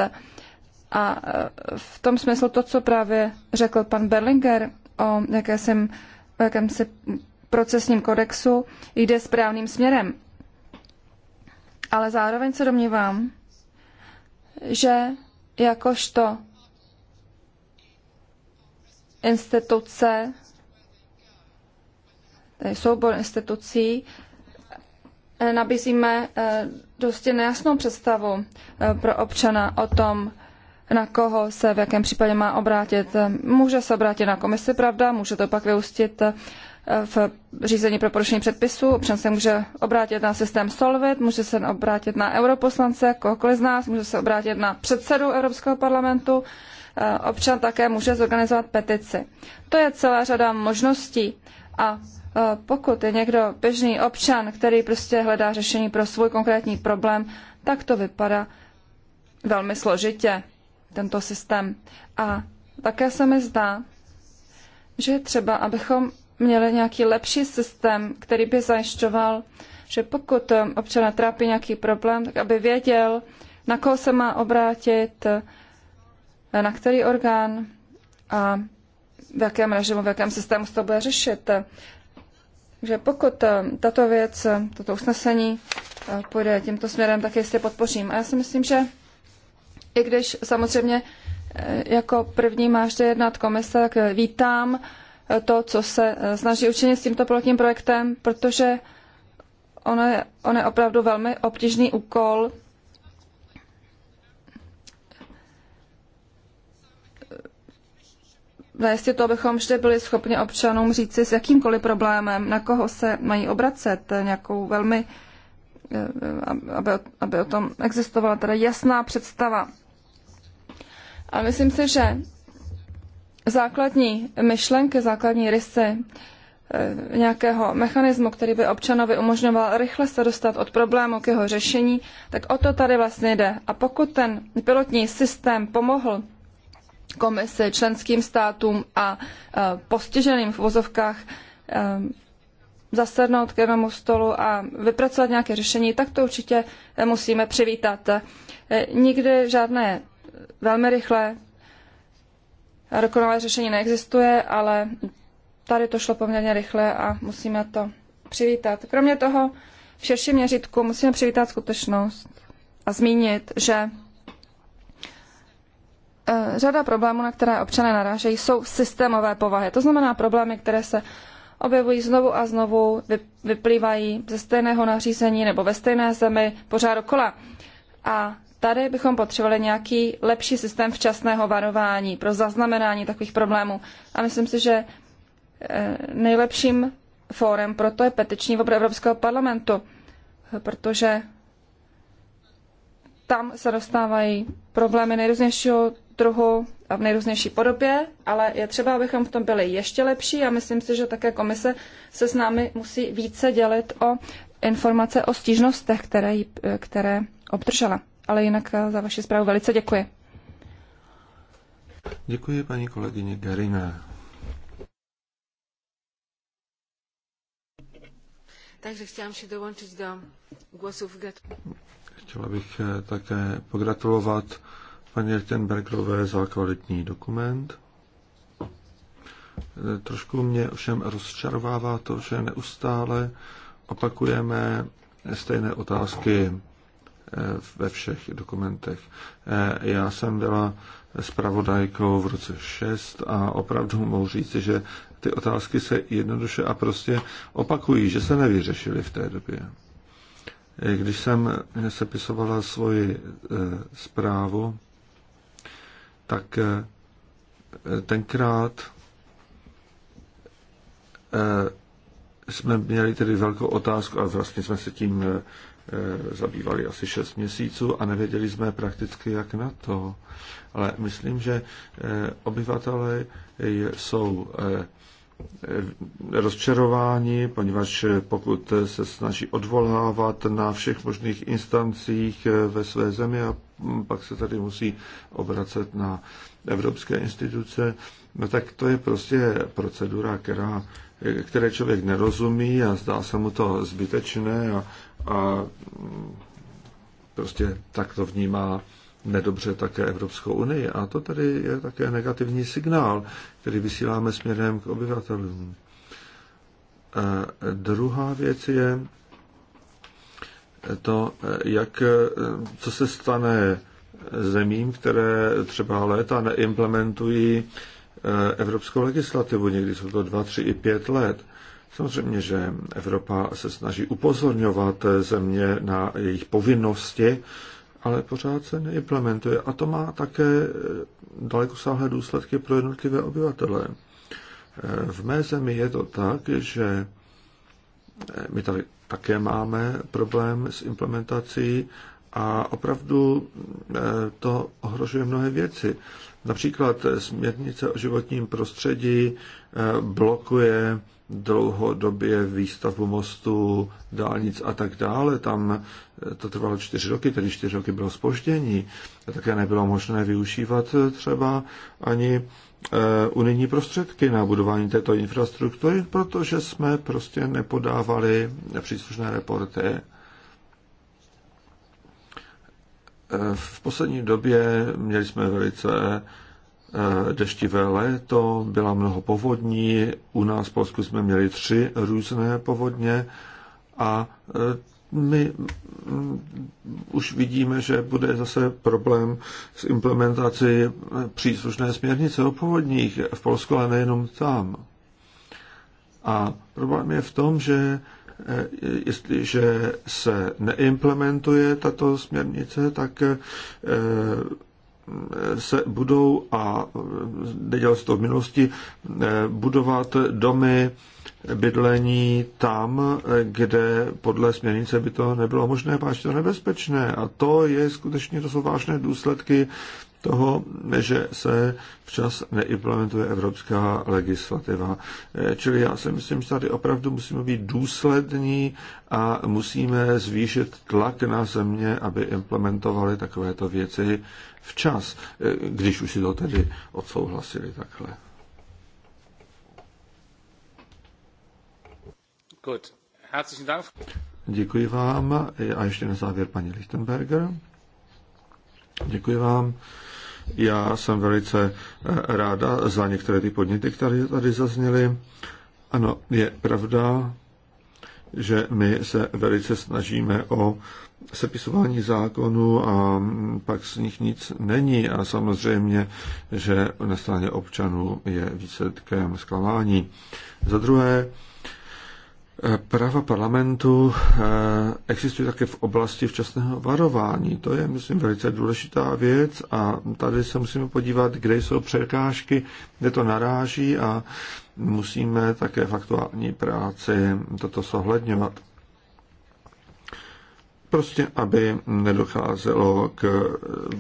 A eh, v tom smyslu to, co právě řekl pan Berlinger o jakési, jakémsi procesním kodexu, jde správným směrem. Ale zároveň se domnívám, že jakožto instituce, soubor institucí, eh, nabízíme eh, dosti nejasnou představu eh, pro občana o tom, na koho se v jakém případě má obrátit. Může se obrátit na komisi, pravda, může to pak vyústit v řízení pro porušení předpisů. Občan se může obrátit na systém Solvit, může se obrátit na europoslance, kohokoliv z nás, může se obrátit na předsedu Evropského parlamentu, Eh, občan také může zorganizovat petici. To je celá řada možností a eh, pokud je někdo běžný občan, který prostě hledá řešení pro svůj konkrétní problém, tak to vypadá velmi složitě, tento systém. A také se mi zdá, že je třeba, abychom měli nějaký lepší systém, který by zajišťoval, že pokud eh, občana trápí nějaký problém, tak aby věděl, na koho se má obrátit, na který orgán a v jakém režimu, v jakém systému se to bude řešit. Takže pokud eh, tato věc, eh, toto usnesení eh, půjde tímto směrem, tak jistě podpořím. A já si myslím, že i když samozřejmě jako první má vždy jednat komise, tak vítám to, co se snaží učinit s tímto pilotním projektem, protože ono je, ono je opravdu velmi obtížný úkol vést je to, abychom vždy byli schopni občanům říci s jakýmkoliv problémem, na koho se mají obracet, eh, nějakou velmi, eh, eh, aby, aby o tom existovala teda jasná představa. A myslím si, že základní myšlenky, základní rysy nějakého mechanismu, který by občanovi umožňoval rychle se dostat od problému k jeho řešení, tak o to tady vlastně jde. A pokud ten pilotní systém pomohl Komise členským státům a e, postiženým v vozovkách e, zasednout k jednomu stolu a vypracovat nějaké řešení, tak to určitě musíme přivítat. E, nikdy žádné velmi rychlé a dokonalé řešení neexistuje, ale tady to šlo poměrně rychle a musíme to přivítat. Kromě toho v širším měřítku musíme přivítat skutečnost a zmínit, že Eh, řada problémů, na které občané narážejí, jsou systémové povahy. To znamená problémy, které se objevují znovu a znovu, vyplývají ze stejného nařízení nebo ve stejné zemi pořád dokola. A tady bychom potřebovali nějaký lepší systém včasného varování pro zaznamenání takových problémů. A myslím si, že eh, nejlepším fórem to je petiční obor Evropského parlamentu, protože tam se dostávají problémy nejrůznějšího a v nejrůznější podobě, ale je třeba, abychom v tom byli ještě lepší a myslím si, že také komise se s námi musí více dělit o informace o stížnostech, které, které obdržela. Ale jinak eh, za vaši zprávu velice děkuji.
Děkuji paní kolegyně Gerina.
Takže chtěla si dovolčit do głosów
Chtěla bych eh, také pogratulovat paní Lichtenbergerové za kvalitní dokument. Trošku mě ovšem rozčarovává to, že neustále opakujeme stejné otázky eh, ve všech dokumentech. Eh, já jsem byla spravodajkou v roce 6 a opravdu mohu říct, že ty otázky se jednoduše a prostě opakují, že se nevyřešily v té době. Eh, když jsem sepisovala svoji zprávu, tak eh, tenkrát eh, jsme měli tedy velkou otázku a vlastně jsme se tím eh, zabývali asi 6 měsíců a nevěděli jsme prakticky jak na to. Ale myslím, že obyvatelé jsou Eh, rozčarováni, poněvadž pokud se snaží odvolávat na všech možných instancích eh, ve své zemi a pak se tady musí obracet na evropské instituce, no tak to je prostě procedura, která, eh, které člověk nerozumí a zdá se mu to zbytečné a, a mm, prostě tak to vnímá nedobře také Evropskou unii. A to tady je také negativní signál, který vysíláme směrem k obyvatelům. A druhá věc je to, jak, co se stane zemím, které třeba léta neimplementují eh, evropskou legislativu. Někdy jsou to dva, tři i pět let. Samozřejmě, že Evropa se snaží upozorňovat země na jejich povinnosti, ale pořád se neimplementuje. A to má také eh, dalekosáhlé důsledky pro jednotlivé obyvatele. Eh, v mé zemi je to tak, že eh, my tady také máme problém s implementací a opravdu to ohrožuje mnohé věci. Například směrnice o životním prostředí blokuje dlouhodobě výstavbu mostů, dálnic a tak dále. Tam eh, to trvalo čtyři roky, tedy čtyři roky bylo spoždění. Také nebylo možné využívat eh, třeba ani eh, unijní prostředky na budování této infrastruktury, protože jsme prostě nepodávali příslušné reporty. V poslední době měli jsme velice Eh, deštivé léto, byla mnoho povodní, u nás v Polsku jsme měli tři různé povodně a eh, my mm, už vidíme, že bude zase problém s implementací eh, příslušné směrnice o povodních v Polsku, ale nejenom tam. A problém je v tom, že jestliže se neimplementuje tato směrnice, tak se budou, a nedělal se to v minulosti, budovat domy, bydlení tam, kde podle směrnice by to nebylo možné, páč to nebezpečné. A to je skutečně, to jsou vážné důsledky toho, že se včas neimplementuje evropská legislativa. Čili já si myslím, že tady opravdu musíme být důslední a musíme zvýšit tlak na země, aby implementovali takovéto věci včas, eh, když už si to tedy odsouhlasili takhle. Good. Herzlichen Dank. Děkuji vám. A ještě na závěr paní Lichtenberger. Děkuji vám. Já jsem velice eh, ráda za některé ty podněty, které tady zazněly. Ano, je pravda, že my se velice snažíme o sepisování zákonů a pak z nich nic není a samozřejmě, že na straně občanů je výsledkem zklamání. Za druhé, Práva parlamentu eh, existují také v oblasti včasného varování. To je, myslím, velice důležitá věc a tady se musíme podívat, kde jsou překážky, kde to naráží a musíme také v aktuální práci toto sohledňovat. Prostě, aby nedocházelo k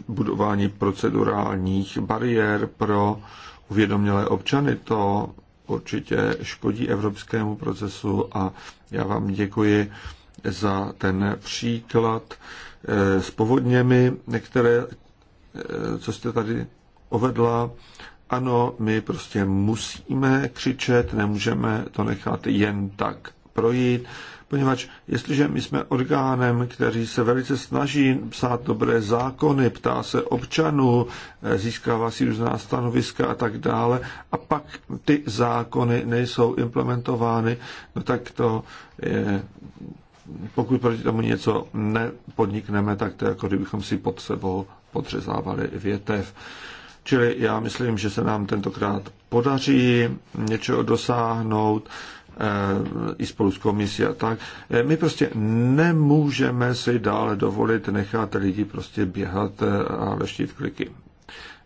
budování procedurálních bariér pro uvědomělé občany. To určitě škodí evropskému procesu a já vám děkuji za ten příklad eh, s povodněmi, které, eh, co jste tady ovedla, Ano, my prostě musíme křičet, nemůžeme to nechat jen tak projít. Poněvadž jestliže my jsme orgánem, který se velice snaží psát dobré zákony, ptá se občanů, eh, získává si různá stanoviska a tak dále, a pak ty zákony nejsou implementovány, no tak to je, eh, pokud proti tomu něco nepodnikneme, tak to je jako kdybychom si pod sebou podřezávali větev. Čili já myslím, že se nám tentokrát podaří něčeho dosáhnout. Eh, i spolu s komisí a tak. Eh, my prostě nemůžeme si dále dovolit nechat lidi prostě běhat eh, a leštit kliky.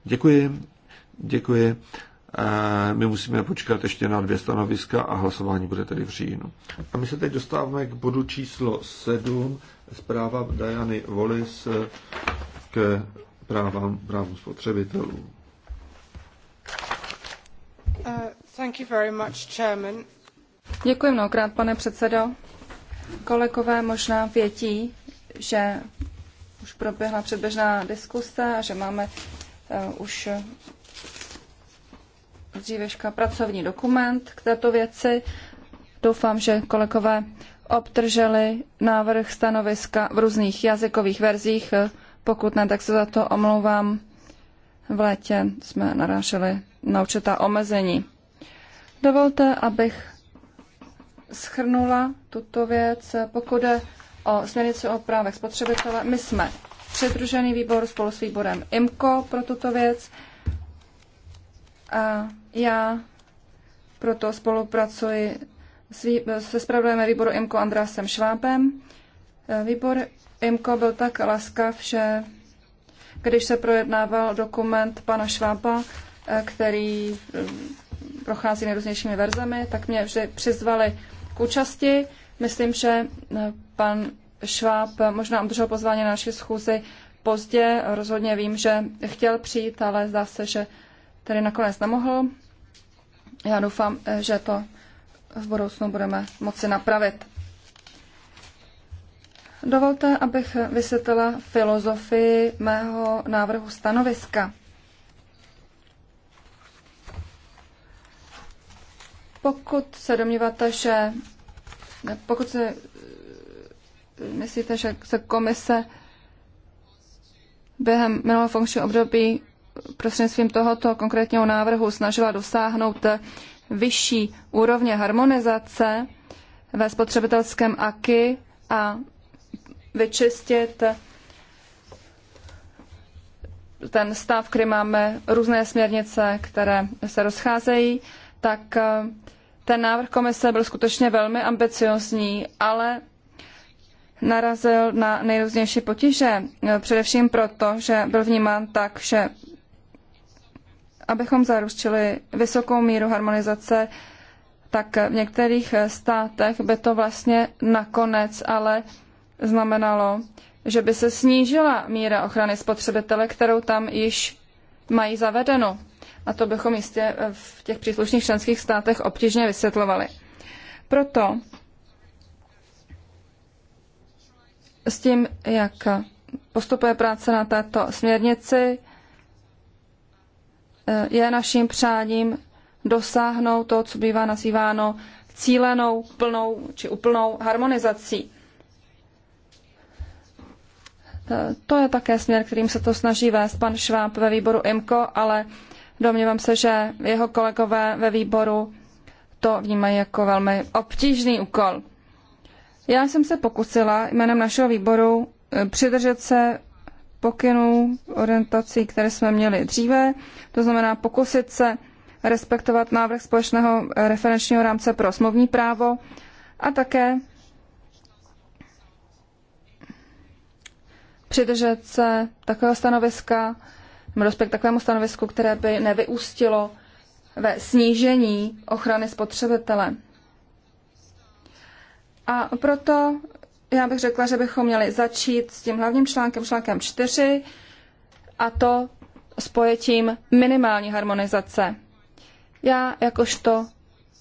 Děkuji, děkuji. My musíme počkat ještě na dvě stanoviska a hlasování bude tedy v říjnu. A my se teď dostáváme k bodu číslo 7, zpráva Diany Wallis k právám, právům spotřebitelů.
Uh, thank you very much, Chairman.
Děkuji mnohokrát, pane předsedo. Kolegové možná vědí, že už proběhla předběžná diskuse a že máme uh, už dříveška pracovní dokument k této věci. Doufám, že kolegové obdrželi návrh stanoviska v různých jazykových verzích. Pokud ne, tak se za to omlouvám. V létě jsme naráželi na určitá omezení. Dovolte, abych schrnula tuto věc. Pokud je o směrnici o právech spotřebitele, my jsme přidružený výbor spolu s výborem IMCO pro tuto věc. A já proto spolupracuji s se spravodajem výboru IMCO Andrásem Švábem. Výbor IMCO byl tak laskav, že když se projednával dokument pana Švába, eh, který eh, prochází nejrůznějšími verzemi, tak mě vždy přizvali k účasti. Myslím, že eh, pan Šváb možná obdržel pozvání na naši schůzi pozdě. Rozhodně vím, že chtěl přijít, ale zdá se, že tady nakonec nemohl. Já doufám, eh, že to v budoucnu budeme moci napravit. Dovolte, abych vysvětlila filozofii mého návrhu stanoviska. Pokud se domníváte, že pokud se eh, myslíte, že se komise během minulého funkčního období prostřednictvím tohoto konkrétního návrhu snažila dosáhnout vyšší úrovně harmonizace ve spotřebitelském AKI a vyčistit ten stav, kdy máme různé směrnice, které se rozcházejí tak eh, ten návrh komise byl skutečně velmi ambiciozní, ale narazil na nejrůznější potíže. Eh, především proto, že byl vnímán tak, že abychom zaručili vysokou míru harmonizace, tak v některých eh, státech by to vlastně nakonec ale znamenalo, že by se snížila míra ochrany spotřebitele, kterou tam již mají zavedeno a to bychom jistě eh, v těch příslušných členských státech obtížně vysvětlovali. Proto s tím, jak postupuje práce na této směrnici, eh, je naším přáním dosáhnout to, co bývá nazýváno cílenou, plnou či úplnou harmonizací. Eh, to je také směr, kterým se to snaží vést pan Šváb ve výboru IMCO, ale Domnívám se, že jeho kolegové ve výboru to vnímají jako velmi obtížný úkol. Já jsem se pokusila jménem našeho výboru eh, přidržet se pokynů, orientací, které jsme měli dříve, to znamená pokusit se respektovat návrh společného eh, referenčního rámce pro smluvní právo a také přidržet se takového stanoviska, dospět k takovému stanovisku, které by nevyústilo ve snížení ochrany spotřebitele. A proto já bych řekla, že bychom měli začít s tím hlavním článkem, článkem 4, a to s pojetím minimální harmonizace. Já jakožto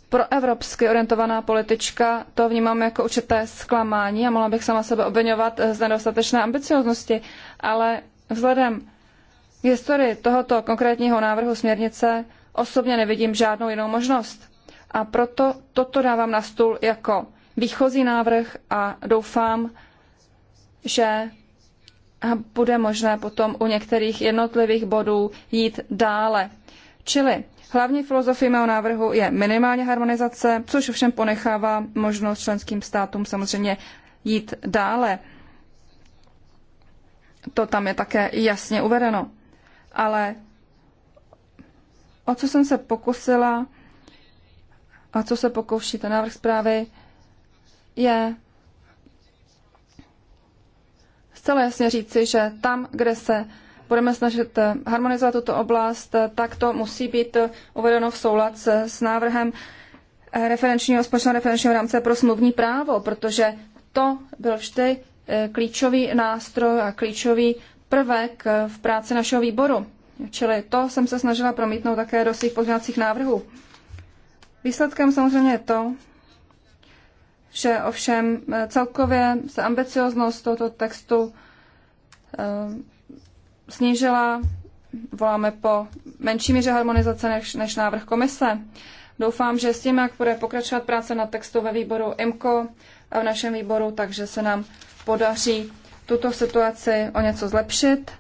proevropsky orientovaná politička to vnímám jako určité zklamání a mohla bych sama sebe obvinovat z nedostatečné ambicioznosti, ale vzhledem historii tohoto konkrétního návrhu směrnice osobně nevidím žádnou jinou možnost. A proto toto dávám na stůl jako výchozí návrh a doufám, že bude možné potom u některých jednotlivých bodů jít dále. Čili hlavní filozofií mého návrhu je minimální harmonizace, což ovšem ponechává možnost členským státům samozřejmě jít dále. To tam je také jasně uvedeno ale o co jsem se pokusila a co se pokouší ten návrh zprávy, je zcela jasně říci, že tam, kde se budeme snažit harmonizovat tuto oblast, tak to musí být uvedeno v soulad s, s návrhem referenčního, společného referenčního rámce pro smluvní právo, protože to byl vždy eh, klíčový nástroj a klíčový prvek v práci našeho výboru. Čili to jsem se snažila promítnout také do svých pozměňovacích návrhů. Výsledkem samozřejmě je to, že ovšem eh, celkově se ambicioznost tohoto textu eh, snížila. Voláme po menší míře harmonizace než, než návrh komise. Doufám, že s tím, jak bude pokračovat práce na textu ve výboru IMCO a v našem výboru, takže se nám podaří tuto situaci o něco zlepšit,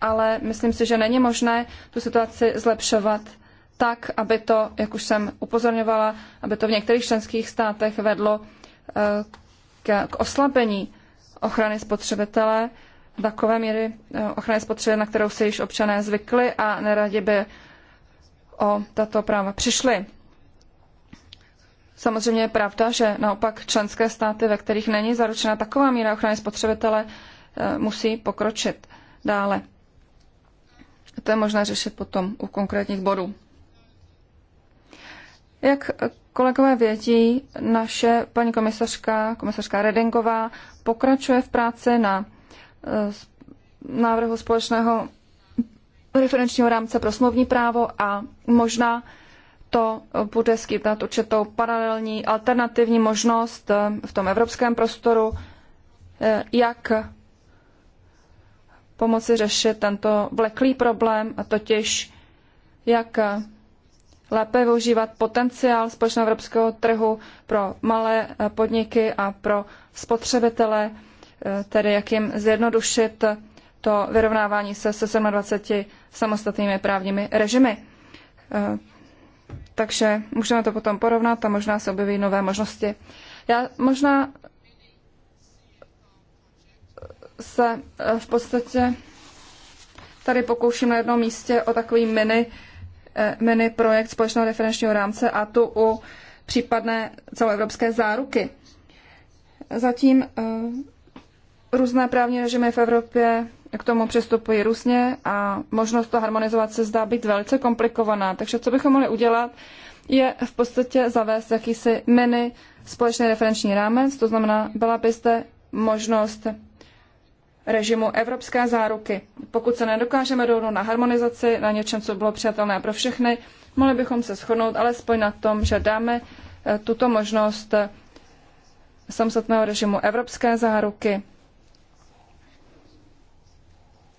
ale myslím si, že není možné tu situaci zlepšovat tak, aby to, jak už jsem upozorňovala, aby to v některých členských státech vedlo eh, k oslabení ochrany spotřebitele, takové míry eh, ochrany spotřebitele, na kterou se již občané zvykli a neradi by o tato práva přišli. Samozřejmě je pravda, že naopak členské státy, ve kterých není zaručena taková míra ochrany spotřebitele, eh, musí pokročit dále. To je možné řešit potom u konkrétních bodů. Jak kolegové vědí, naše paní komisařka, komisařka Redenková, pokračuje v práci na eh, návrhu společného referenčního rámce pro smluvní právo a možná to bude skýtat určitou paralelní alternativní možnost eh, v tom evropském prostoru, eh, jak pomoci řešit tento vleklý problém, a totiž jak lépe využívat potenciál společného evropského trhu pro malé eh, podniky a pro spotřebitele, tedy jak jim zjednodušit to vyrovnávání se se 27 samostatnými právními režimy takže můžeme to potom porovnat a možná se objeví nové možnosti. Já možná se eh, v podstatě tady pokouším na jednom místě o takový mini, eh, mini projekt společného referenčního rámce a tu u případné celoevropské záruky. Zatím eh, různé právní režimy v Evropě k tomu přistupují různě a možnost to harmonizovat se zdá být velice komplikovaná. Takže co bychom mohli udělat, je v podstatě zavést jakýsi mini společný referenční rámec, to znamená, byla byste možnost režimu evropské záruky. Pokud se nedokážeme dohodnout na harmonizaci, na něčem, co bylo přijatelné pro všechny, mohli bychom se shodnout alespoň na tom, že dáme eh, tuto možnost eh, samostatného režimu evropské záruky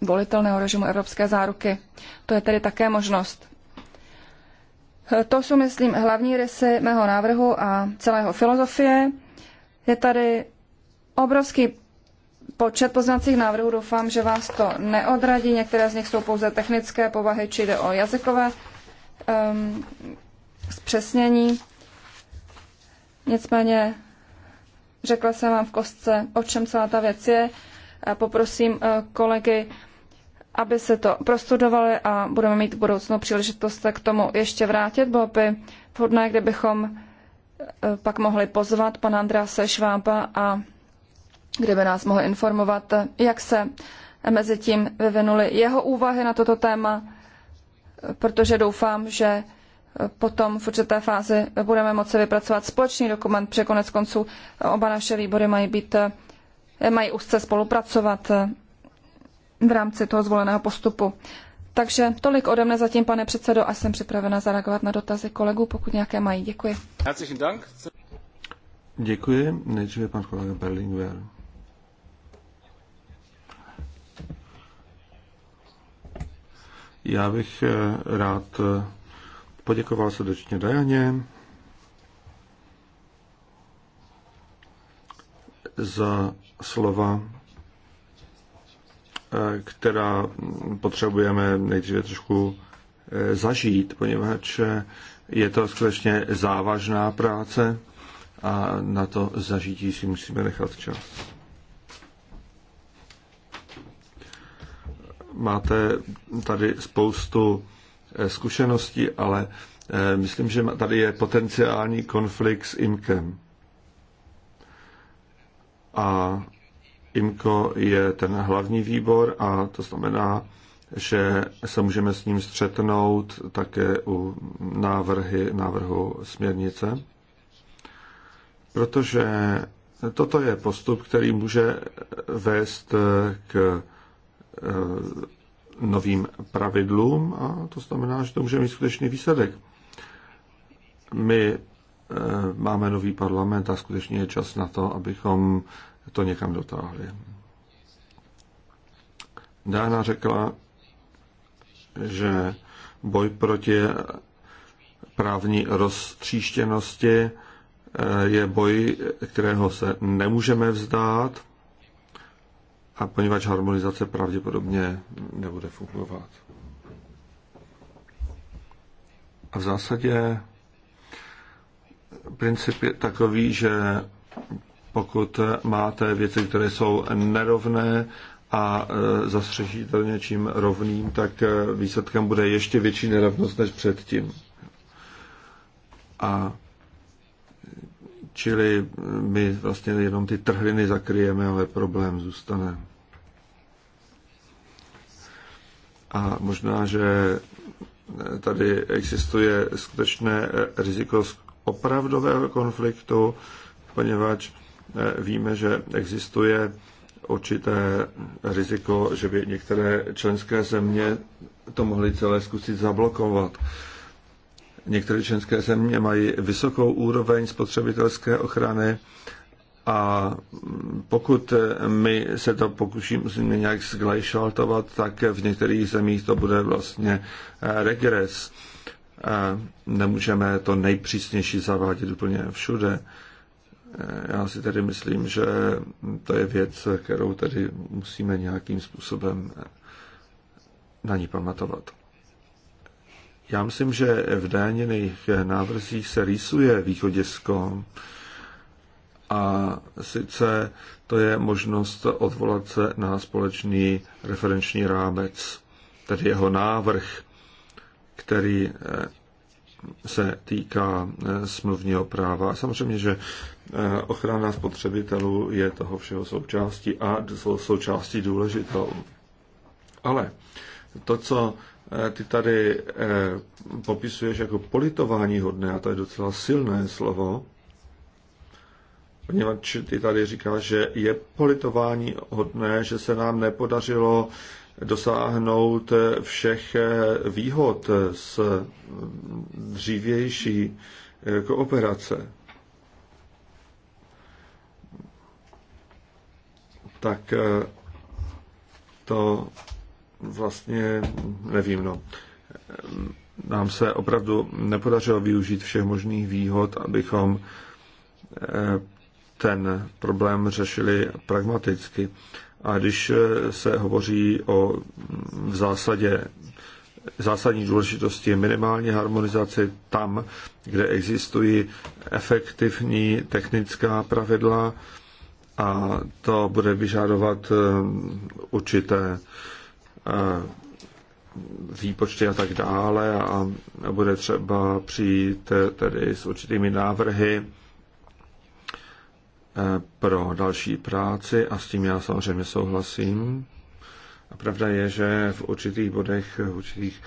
volitelného režimu evropské záruky. To je tedy také možnost. To jsou, myslím, hlavní rysy mého návrhu a celého filozofie. Je tady obrovský počet poznacích návrhů. Doufám, že vás to neodradí. Některé z nich jsou pouze technické povahy, či jde o jazykové um, zpřesnění. Nicméně řekla jsem vám v kostce, o čem celá ta věc je. A poprosím eh, kolegy, aby se to prostudovali a budeme mít v budoucnu příležitost se k tomu ještě vrátit. Bylo by vhodné, kdybychom e, pak mohli pozvat pana Andrease Švába a kdyby nás mohl informovat, jak se mezi tím vyvinuly jeho úvahy na toto téma, protože doufám, že potom v určité fázi budeme moci vypracovat společný dokument, protože konec konců oba naše výbory mají být e, mají úzce spolupracovat v rámci toho zvoleného postupu. Takže tolik ode mne zatím, pane předsedo, a jsem připravena zareagovat na dotazy kolegů, pokud nějaké mají. Děkuji.
Herzlichen Dank. Děkuji. Nejdříve pan kolega Berlinguer. Já bych eh, rád eh, poděkoval srdečně Dajaně za slova která potřebujeme nejdříve trošku eh, zažít, poněvadž je to skutečně závažná práce a na to zažití si musíme nechat čas. Máte tady spoustu eh, zkušeností, ale eh, myslím, že tady je potenciální konflikt s IMKem. A IMCO je ten hlavní výbor a to znamená, že se můžeme s ním střetnout také u návrhy, návrhu směrnice, protože toto je postup, který může vést k eh, novým pravidlům a to znamená, že to může mít skutečný výsledek. My eh, máme nový parlament a skutečně je čas na to, abychom to někam dotáhli. Dána řekla, že boj proti právní roztříštěnosti eh, je boj, kterého se nemůžeme vzdát, a poněvadž harmonizace pravděpodobně nebude fungovat. A v zásadě princip je takový, že pokud máte věci, které jsou nerovné a e, zastřešíte něčím rovným, tak e, výsledkem bude ještě větší nerovnost než předtím. A čili my vlastně jenom ty trhliny zakryjeme, ale problém zůstane. A možná, že e, tady existuje skutečné riziko opravdového konfliktu, poněvadž Eh, víme, že existuje určité riziko, že by některé členské země to mohly celé zkusit zablokovat. Některé členské země mají vysokou úroveň spotřebitelské ochrany a pokud my se to pokusíme nějak zglejšaltovat, tak v některých zemích to bude vlastně eh, regres. Eh, nemůžeme to nejpřísnější zavádět úplně všude já si tedy myslím, že to je věc, kterou tedy musíme nějakým způsobem na ní pamatovat. Já myslím, že v dáněných návrzích se rýsuje východisko a sice to je možnost odvolat se na společný referenční rámec, tedy jeho návrh, který eh, se týká eh, smluvního práva. Samozřejmě, že eh, ochrana spotřebitelů je toho všeho součástí a součástí důležitou. Ale to, co eh, ty tady popisuješ jako politování hodné, a to je docela silné slovo, poněvadž ty tady říkáš, že je politování hodné, že se nám nepodařilo dosáhnout všech výhod z dřívější kooperace. Tak to vlastně nevím. No. Nám se opravdu nepodařilo využít všech možných výhod, abychom ten problém řešili pragmaticky. A když eh, se hovoří o mm, v zásadě zásadní důležitosti minimální harmonizace tam, kde existují efektivní technická pravidla a to bude vyžadovat eh, určité eh, výpočty a tak dále a bude třeba přijít tedy s určitými návrhy pro další práci a s tím já samozřejmě souhlasím. A pravda je, že v určitých bodech, v určitých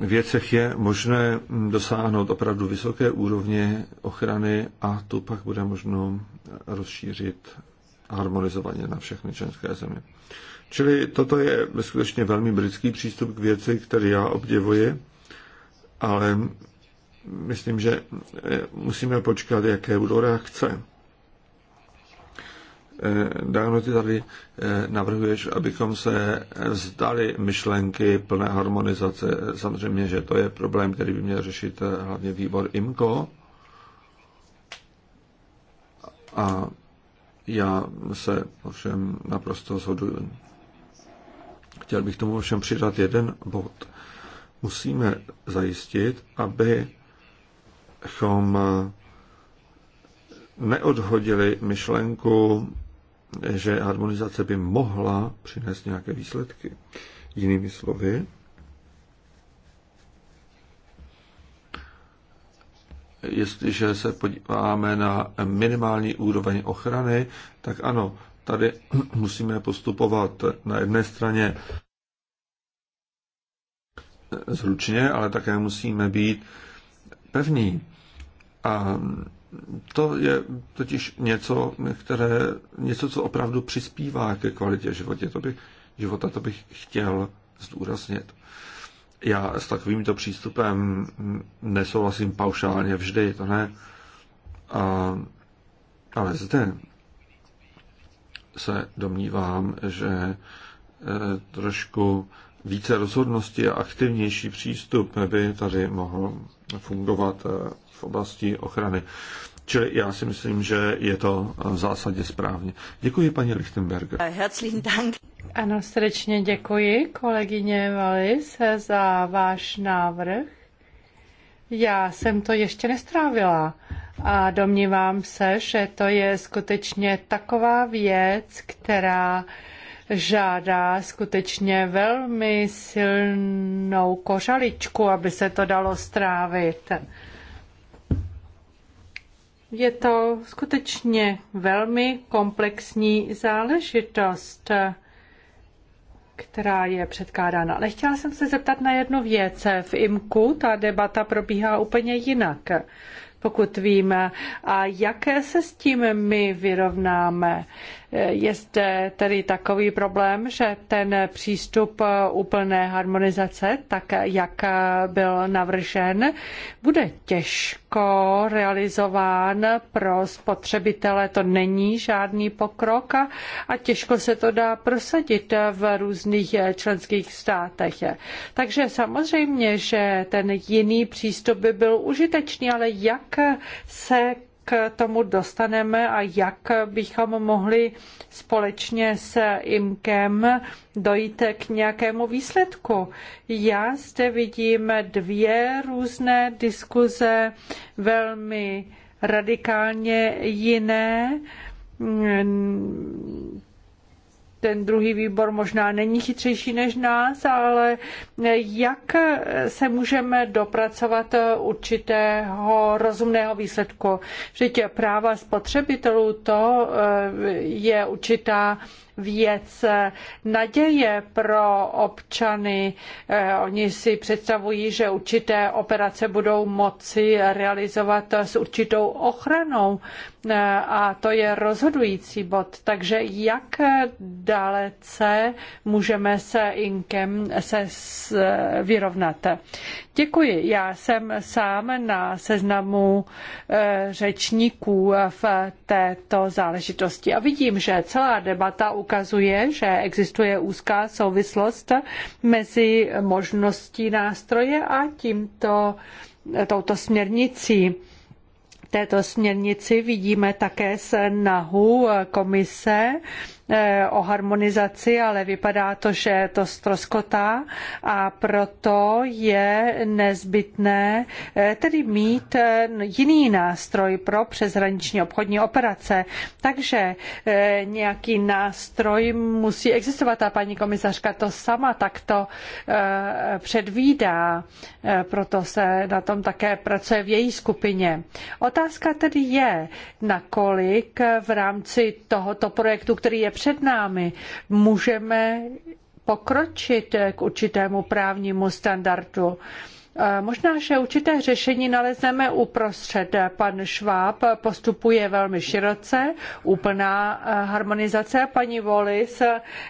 věcech je možné dosáhnout opravdu vysoké úrovně ochrany a tu pak bude možno rozšířit harmonizovaně na všechny členské země. Čili toto je skutečně velmi britský přístup k věci, který já obdivuji, ale myslím, že eh, musíme počkat, jaké budou reakce. Eh, ty tady eh, navrhuješ, abychom se vzdali myšlenky plné harmonizace. Samozřejmě, že to je problém, který by měl řešit eh, hlavně výbor IMCO. A já se ovšem naprosto shoduju. Chtěl bych tomu ovšem přidat jeden bod. Musíme zajistit, abychom neodhodili myšlenku že harmonizace by mohla přinést nějaké výsledky. Jinými slovy, jestliže se podíváme na minimální úroveň ochrany, tak ano, tady *clears throat* musíme postupovat na jedné straně zručně, ale také musíme být pevní. A to je totiž něco, které, něco, co opravdu přispívá ke kvalitě životě. To bych, života, to bych chtěl zdůraznit. Já s takovýmto přístupem nesouhlasím paušálně vždy, to ne. A, ale zde se domnívám, že eh, trošku více rozhodnosti a aktivnější přístup by tady mohl fungovat eh, v oblasti ochrany. Čili já si myslím, že je to v zásadě správně. Děkuji, paní Lichtenberger.
Eh, herzlichen Dank. Ano, srdečně děkuji, kolegyně Valis, za váš návrh. Já jsem to ještě nestrávila a domnívám se, že to je skutečně taková věc, která žádá skutečně velmi silnou kořaličku, aby se to dalo strávit. Je to skutečně velmi komplexní záležitost, která je předkládána. Ale chtěla jsem se zeptat na jednu věc. V IMKU ta debata probíhá úplně jinak, pokud víme. A jaké se s tím my vyrovnáme? Je zde eh, tedy takový problém, že ten přístup eh, úplné harmonizace, tak eh, jak byl navržen, bude těžko realizován pro spotřebitele. To není žádný pokrok a těžko se to dá prosadit v různých členských státech. Takže samozřejmě, že ten jiný přístup by byl užitečný, ale jak se k tomu dostaneme a jak bychom mohli společně s IMKem dojít k nějakému výsledku. Já zde vidím dvě různé diskuze, velmi radikálně jiné ten druhý výbor možná není chytřejší než nás, ale jak se můžeme dopracovat určitého rozumného výsledku. Vždyť práva spotřebitelů to eh, je určitá věc naděje pro občany. Eh, oni si představují, že určité operace budou moci realizovat s určitou ochranou eh, a to je rozhodující bod. Takže jak dalece můžeme se Inkem se vyrovnat. Děkuji. Já jsem sám na seznamu eh, řečníků v této záležitosti a vidím, že celá debata ukazuje, že existuje úzká souvislost mezi možností nástroje a tímto, touto směrnicí této směrnici vidíme také snahu komise Eh, o harmonizaci, ale vypadá to, že to stroskotá a proto je nezbytné eh, tedy mít eh, jiný nástroj pro přeshraniční obchodní operace. Takže nějaký nástroj musí existovat a paní komisařka to sama takto předvídá, proto se na tom také pracuje v její skupině. Otázka tedy je, nakolik v rámci tohoto projektu, který je před námi. Můžeme pokročit k určitému právnímu standardu. Eh, možná, že určité řešení nalezneme uprostřed. Pan Šváb postupuje velmi široce, úplná eh, harmonizace. Paní Volis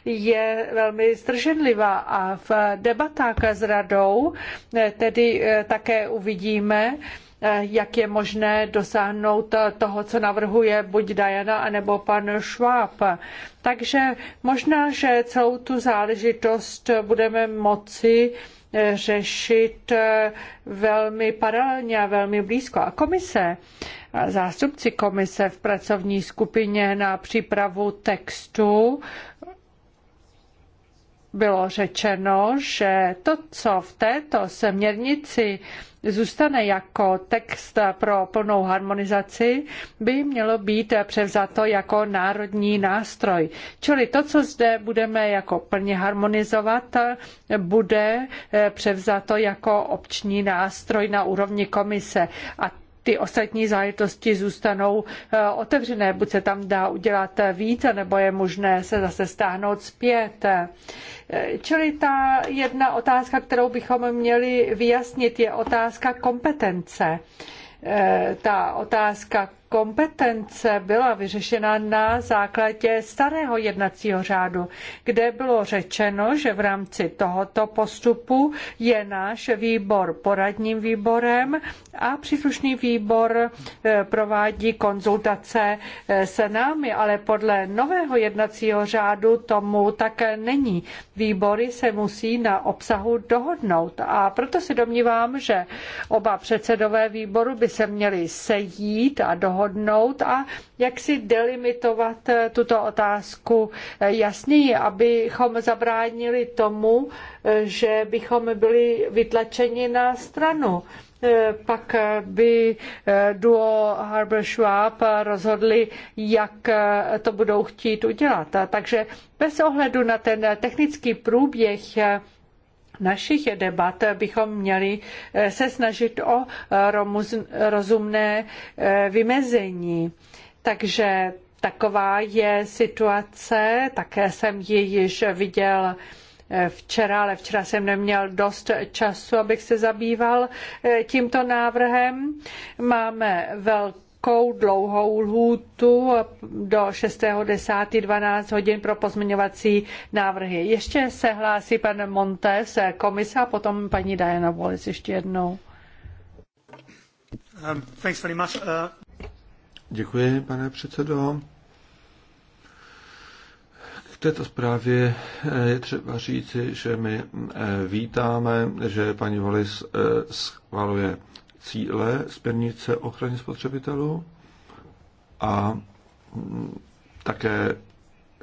je velmi zdrženlivá a v debatách s radou eh, tedy také uvidíme, Eh, jak je možné dosáhnout eh, toho, co navrhuje buď Diana, anebo pan Schwab. Takže možná, že celou tu záležitost budeme moci eh, řešit velmi paralelně a velmi blízko. A komise, zástupci komise v pracovní skupině na přípravu textu bylo řečeno, že to, co v této směrnici zůstane jako text pro plnou harmonizaci, by mělo být převzato jako národní nástroj. Čili to, co zde budeme jako plně harmonizovat, bude převzato jako opční nástroj na úrovni komise. A ty ostatní záležitosti zůstanou eh, otevřené. Buď se tam dá udělat více, nebo je možné se zase stáhnout zpět. Eh, čili ta jedna otázka, kterou bychom měli vyjasnit, je otázka kompetence eh, ta otázka kompetence byla vyřešena na základě starého jednacího řádu, kde bylo řečeno, že v rámci tohoto postupu je náš výbor poradním výborem a příslušný výbor eh, provádí konzultace eh, se námi, ale podle nového jednacího řádu tomu také není. Výbory se musí na obsahu dohodnout a proto se domnívám, že oba předsedové výboru by se měli sejít a dohodnout dohodnout a jak si delimitovat eh, tuto otázku eh, jasněji, abychom zabránili tomu, eh, že bychom byli vytlačeni na stranu pak by duo Harbour Schwab rozhodli, jak to budou chtít udělat. Takže bez ohledu na ten technický průběh našich debat bychom měli eh, se snažit o eh, rozumné eh, vymezení. Takže taková je situace, také jsem ji již viděl včera, ale včera jsem neměl dost času, abych se zabýval tímto návrhem. Máme velký krátkou, dlouhou lhůtu do 6.10.12 hodin pro pozměňovací návrhy. Ještě se hlásí pan Montes, komisa, a potom paní Diana Wallace ještě jednou.
Um, thanks very much. Uh, Děkuji, pane předsedo. K této zprávě eh, je třeba říci, že my eh, vítáme, že paní Volis eh, schvaluje cíle směrnice o ochraně spotřebitelů a mm, také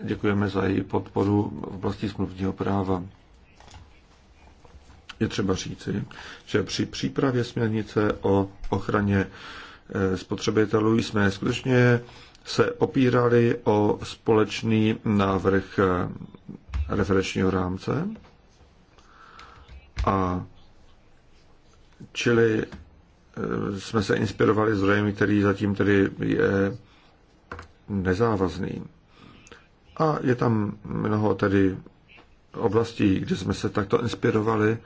děkujeme za její podporu v oblasti smluvního práva. Je třeba říci, že při přípravě směrnice o ochraně e, spotřebitelů jsme skutečně se opírali o společný návrh e, referenčního rámce a čili Eh, jsme se inspirovali zdrojem, který zatím tedy je nezávazný. A je tam mnoho tedy oblastí, kde jsme se takto inspirovali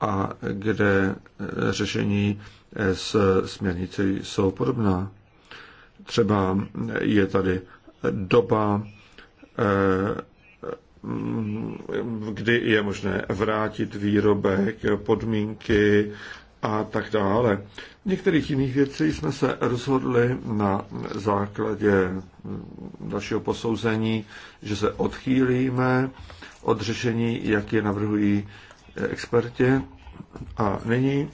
a kde eh, řešení eh, s směrnicí jsou podobná. Třeba je tady doba, kdy je možné vrátit výrobek, podmínky, a tak dále. V některých jiných věcí jsme se rozhodli na základě dalšího posouzení, že se odchýlíme od řešení, jak je navrhují experti. A nyní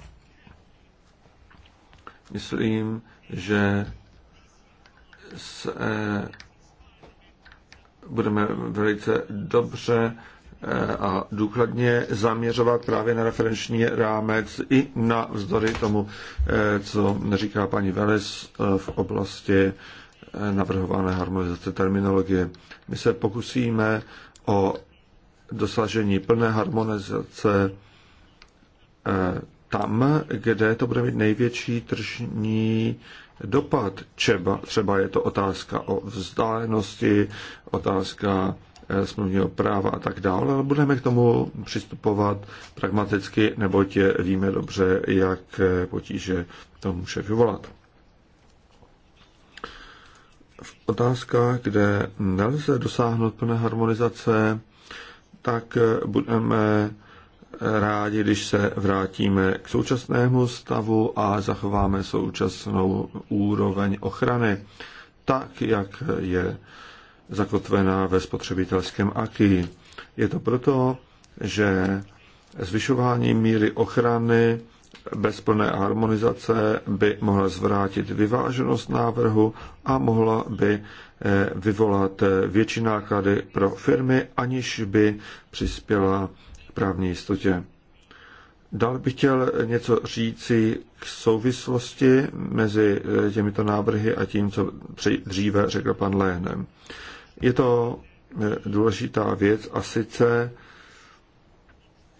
myslím, že se budeme velice dobře Eh, a důkladně zaměřovat právě na referenční rámec i na vzdory tomu, eh, co říká paní Veles eh, v oblasti navrhované harmonizace terminologie. My se pokusíme o dosažení plné harmonizace tam, kde to bude mít největší tržní dopad. Třeba, třeba je to otázka o vzdálenosti, otázka Eh, smluvního práva a tak dále, ale budeme k tomu přistupovat pragmaticky, neboť víme dobře, jak eh, potíže to může vyvolat. V otázkách, kde nelze dosáhnout plné harmonizace, tak eh, budeme rádi, když se vrátíme k současnému stavu a zachováme současnou úroveň ochrany, tak jak je zakotvená ve spotřebitelském aky. Je to proto, že zvyšování míry ochrany bez plné harmonizace by mohla zvrátit vyváženost návrhu a mohla by eh, vyvolat eh, větší náklady pro firmy, aniž by přispěla k právní jistotě. Dál bych chtěl něco říci k souvislosti mezi eh, těmito návrhy a tím, co dříve řekl pan Lehnem. Je to eh, důležitá věc a sice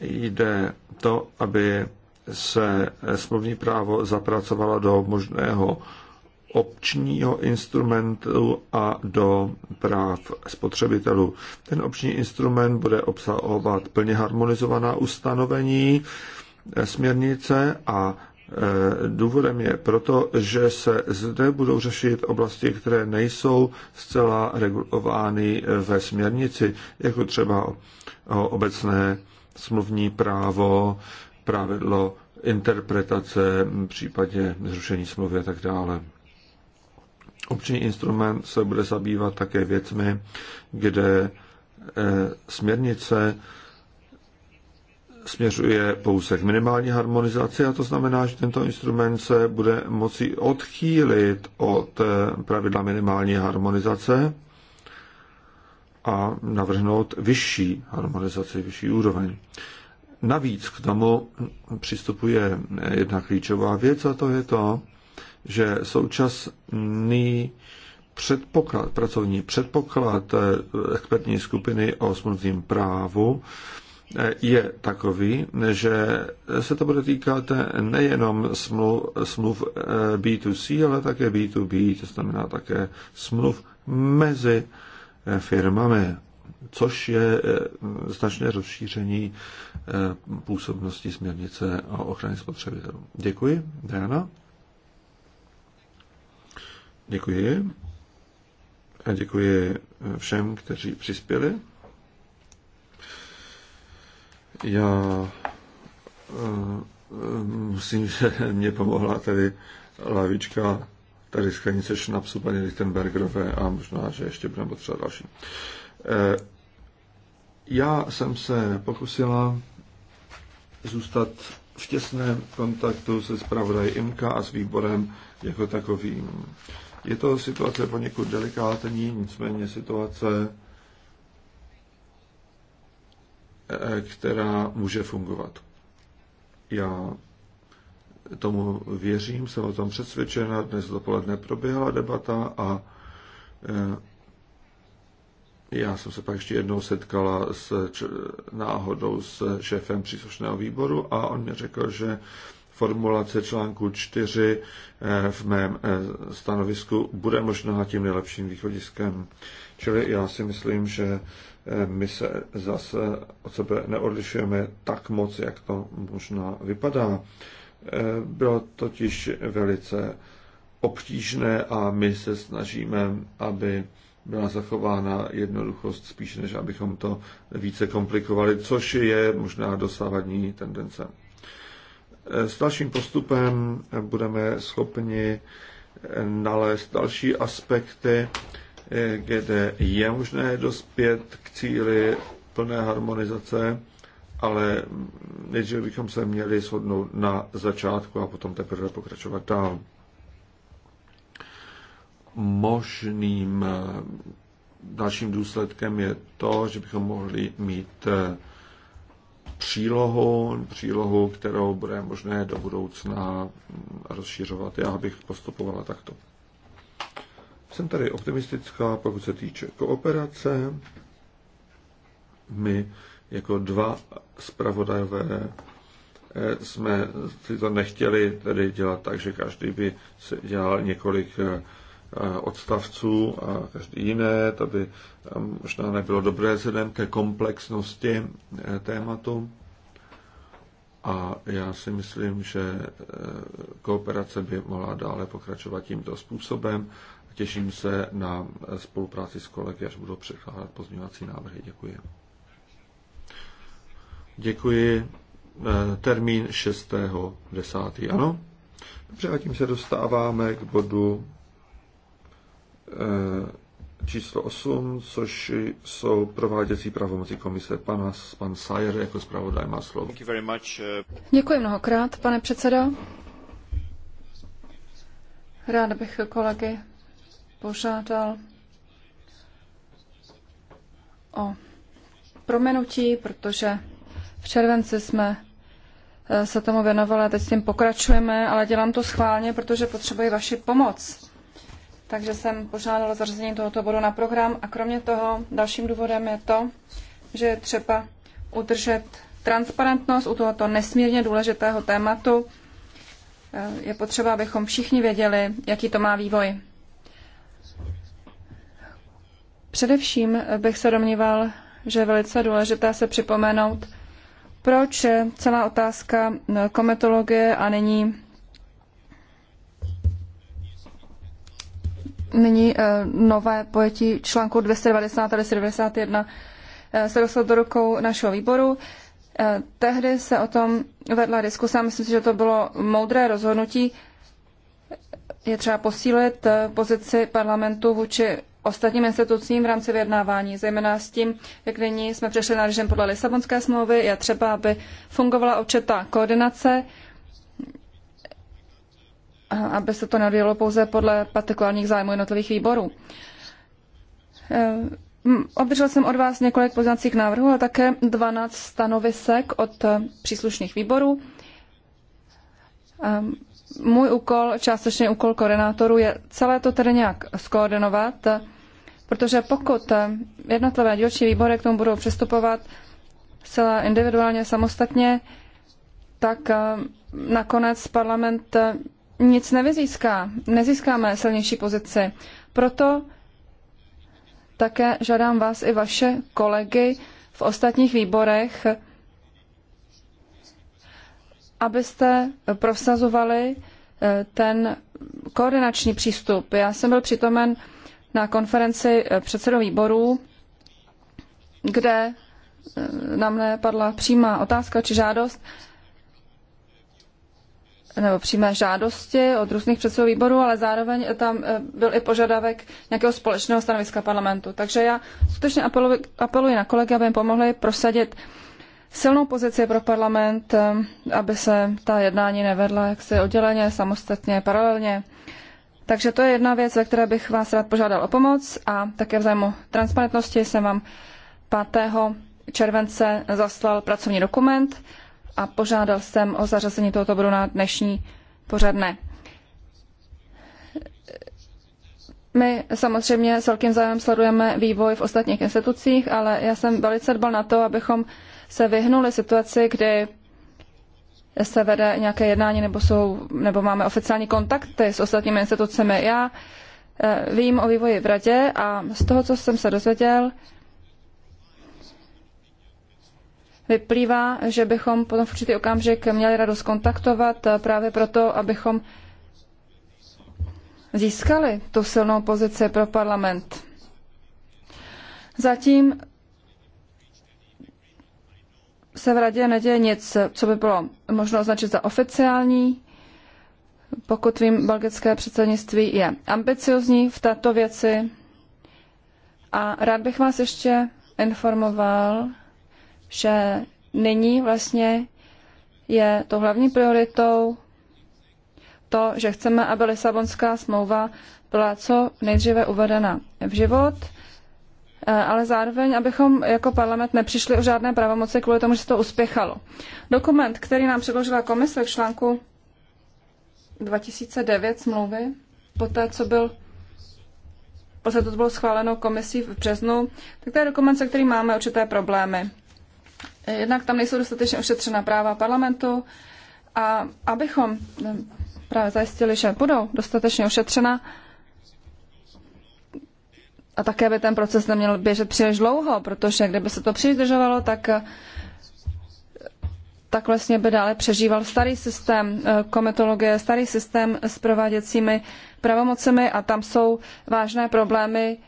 jde to, aby se eh, smluvní právo zapracovalo do možného občního instrumentu a do práv spotřebitelů. Ten obční instrument bude obsahovat plně harmonizovaná ustanovení eh, směrnice a Eh, důvodem je proto, že se zde budou řešit oblasti, které nejsou zcela regulovány eh, ve směrnici, jako třeba obecné smluvní právo, pravidlo interpretace, případně zrušení smlouvy a tak dále. Obční instrument se bude zabývat také věcmi, kde eh, směrnice směřuje pouze k minimální harmonizaci a to znamená, že tento instrument se bude moci odchýlit od eh, pravidla minimální harmonizace a navrhnout vyšší harmonizaci, vyšší úroveň. Navíc k tomu přistupuje jedna klíčová věc a to je to, že současný předpoklad, pracovní předpoklad eh, expertní skupiny o smluvním právu je takový, že se to bude týkat nejenom smluv, smluv eh, B2C, ale také B2B, to znamená také smluv mezi eh, firmami, což je eh, značné rozšíření působnosti směrnice o ochraně spotřebitelů. Děkuji. Diana? Děkuji. A děkuji všem, kteří přispěli. Já eh, musím, *laughs* že mě pomohla tady lavička, tady sklenice šnapsu paní Lichtenbergerové a možná, že ještě budeme potřebovat další. Eh, já jsem se pokusila zůstat v těsném kontaktu se zpravodají IMKA a s výborem jako takovým. Je to situace poněkud delikátní, nicméně situace která může fungovat. Já tomu věřím, jsem o tom přesvědčena. Dnes dopoledne proběhla debata a eh, já jsem se pak ještě jednou setkala s náhodou s šéfem příslušného výboru a on mi řekl, že formulace článku 4 eh, v mém eh, stanovisku bude možná tím nejlepším východiskem. Čili já si myslím, že Eh, my se zase od sebe neodlišujeme tak moc, jak to možná vypadá. Eh, bylo totiž velice obtížné a my se snažíme, aby byla zachována jednoduchost spíš, než abychom to více komplikovali, což je možná dosávadní tendence. Eh, s dalším postupem budeme schopni nalézt další aspekty, kde je možné dospět k cíli plné harmonizace, ale nejdříve bychom se měli shodnout na začátku a potom teprve pokračovat dál. Možným e, dalším důsledkem je to, že bychom mohli mít e, přílohu, přílohu, kterou bude možné do budoucna rozšířovat. Já bych postupovala takto. Jsem tady optimistická, pokud se týče kooperace. My jako dva zpravodajové eh, jsme si to nechtěli tedy dělat tak, že každý by si dělal několik eh, odstavců a každý jiné, to by eh, možná nebylo dobré vzhledem ke komplexnosti tématu. A já si myslím, že kooperace by mohla dále pokračovat tímto způsobem těším se na spolupráci s kolegy, až budou překládat pozměňovací návrhy. Děkuji. Děkuji. Eh, termín 6.10. Ano? Dobře, a tím se dostáváme k bodu eh, číslo 8, což jsou prováděcí pravomoci komise. Pan, pan Sajer jako zpravodaj má slovo. Eh.
Děkuji mnohokrát, pane předsedo. Rád bych kolegy požádal o promenutí, protože v červenci jsme eh, se tomu věnovali a teď s tím pokračujeme, ale dělám to schválně, protože potřebuji vaši pomoc. Takže jsem požádala zařazení tohoto bodu na program a kromě toho dalším důvodem je to, že je třeba udržet transparentnost u tohoto nesmírně důležitého tématu. Eh, je potřeba, abychom všichni věděli, jaký to má vývoj. Především bych se domníval, že je velice důležité se připomenout, proč celá otázka no, kometologie a nyní nyní eh, nové pojetí článku 290 a 291 eh, se dostalo do rukou našeho výboru. Eh, tehdy se o tom vedla diskuse a myslím si, že to bylo moudré rozhodnutí. Je třeba posílit pozici parlamentu vůči ostatním institucím v rámci vyjednávání, zejména s tím, jak nyní jsme přešli na režim podle Lisabonské smlouvy, je třeba, aby fungovala určitá koordinace, aby se to nedělo pouze podle partikulárních zájmů jednotlivých výborů. Ehm, obdržel jsem od vás několik poznacích návrhů, ale také 12 stanovisek od příslušných výborů. Ehm, můj úkol, částečně úkol koordinátorů, je celé to tedy nějak skoordinovat Protože pokud jednotlivé dílčí výbory k tomu budou přistupovat zcela individuálně, samostatně, tak eh, nakonec parlament eh, nic nevyzíská. Nezískáme silnější pozici. Proto také žádám vás i vaše kolegy v ostatních výborech, abyste prosazovali eh, ten koordinační přístup. Já jsem byl přitomen na konferenci eh, předsedů výborů, kde eh, na mne padla přímá otázka či žádost, nebo přímé žádosti od různých předsedů výborů, ale zároveň tam eh, byl i požadavek nějakého společného stanoviska parlamentu. Takže já skutečně apeluji, apeluji na kolegy, aby jim pomohli prosadit silnou pozici pro parlament, aby se ta jednání nevedla jaksi odděleně, samostatně, paralelně. Takže to je jedna věc, ve které bych vás rád požádal o pomoc a také v zájmu transparentnosti jsem vám 5. července zaslal pracovní dokument a požádal jsem o zařazení tohoto bodu na dnešní pořadne. My samozřejmě s velkým zájmem sledujeme vývoj v ostatních institucích, ale já jsem velice dbal na to, abychom se vyhnuli situaci, kdy se vede nějaké jednání nebo, jsou, nebo máme oficiální kontakty s ostatními institucemi. Já eh, vím o vývoji v radě a z toho, co jsem se dozvěděl, vyplývá, že bychom potom v určitý okamžik měli radu skontaktovat eh, právě proto, abychom získali tu silnou pozici pro parlament. Zatím se v radě neděje nic, co by bylo možno označit za oficiální. Pokud vím, belgické předsednictví je ambiciozní v této věci. A rád bych vás ještě informoval, že nyní vlastně je to hlavní prioritou to, že chceme, aby Lisabonská smlouva byla co nejdříve uvedena v život – Eh, ale zároveň, abychom jako parlament nepřišli o žádné pravomoci kvůli tomu, že se to uspěchalo. Dokument, který nám předložila komise v článku 2009 smlouvy, poté, co byl poté to bylo schváleno komisí v březnu, tak to je dokument, se kterým máme určité problémy. Jednak tam nejsou dostatečně ošetřena práva parlamentu a abychom eh, právě zajistili, že budou dostatečně ošetřena, a také by ten proces neměl běžet příliš dlouho, protože kdyby se to příliš držovalo, tak eh, tak vlastně by dále přežíval starý systém eh, kometologie, starý systém s prováděcími pravomocemi a tam jsou vážné problémy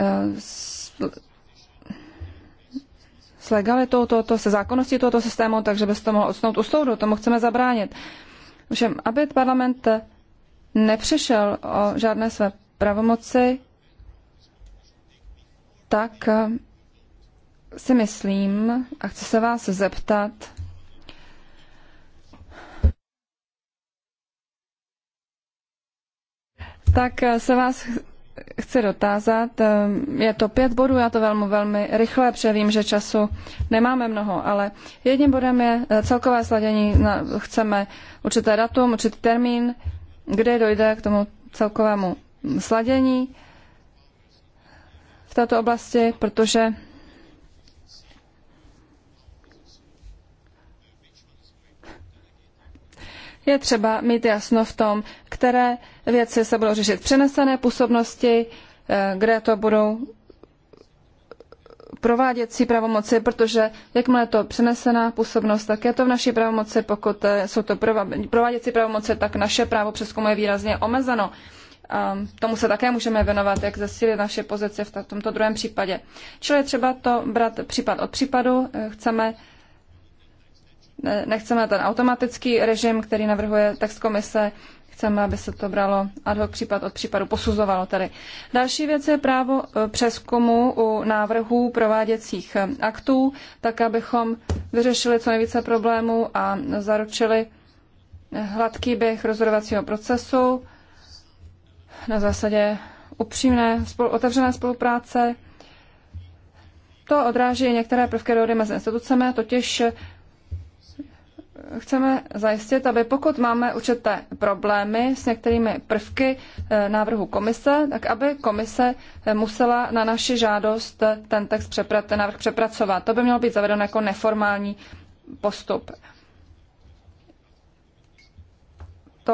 eh, s, s legalitou tohoto, se zákonností tohoto systému, takže by se to mohlo odsnout u soudu, tomu chceme zabránit. Všem, aby parlament nepřišel o žádné své pravomoci, tak eh, si myslím a chci se vás zeptat, tak eh, se vás chci dotázat. Eh, je to pět bodů, já to velmi, velmi rychle převím, že času nemáme mnoho, ale jedním bodem je celkové sladění. Chceme určité datum, určitý termín, kde dojde k tomu celkovému sladění této oblasti, protože je třeba mít jasno v tom, které věci se budou řešit přenesené působnosti, eh, kde to budou prováděcí pravomoci, protože jakmile je to přenesená působnost, tak je to v naší pravomoci, pokud eh, jsou to prováděcí pravomoci, tak naše právo přeskumu je výrazně omezeno. Ehm, tomu se také můžeme věnovat, jak zesílit naše pozice v tomto druhém případě. Čili třeba to brát případ od případu. Eh, chceme nechceme ten automatický režim, který navrhuje text komise, chceme, aby se to bralo ad hoc případ od případu, posuzovalo tady. Další věc je právo eh, přeskumu u návrhů prováděcích eh, aktů, tak abychom vyřešili co nejvíce problémů a zaručili hladký běh rozhodovacího procesu na zásadě upřímné, spolu, otevřené spolupráce. To odráží některé prvky dohody mezi institucemi, totiž chceme zajistit, aby pokud máme určité problémy s některými prvky eh, návrhu komise, tak aby komise eh, musela na naši žádost ten text přeprat, ten návrh přepracovat. To by mělo být zavedeno jako neformální postup. To,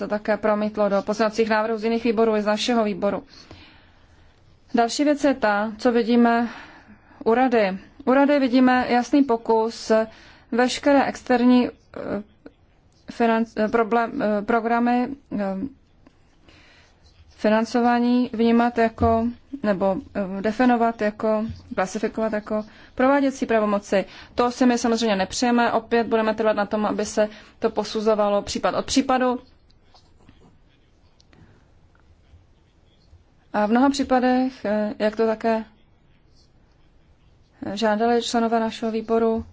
se také promítlo do poznacích návrhů z jiných výborů i z našeho výboru. Další věc je ta, co vidíme u rady. U rady vidíme jasný pokus veškeré externí eh, financ, eh, problém, eh, programy financování vnímat jako, nebo definovat jako, klasifikovat jako prováděcí pravomoci. To si my samozřejmě nepřejeme, opět budeme trvat na tom, aby se to posuzovalo případ od případu. A v mnoha případech, eh, jak to také eh, žádali členové našeho výboru,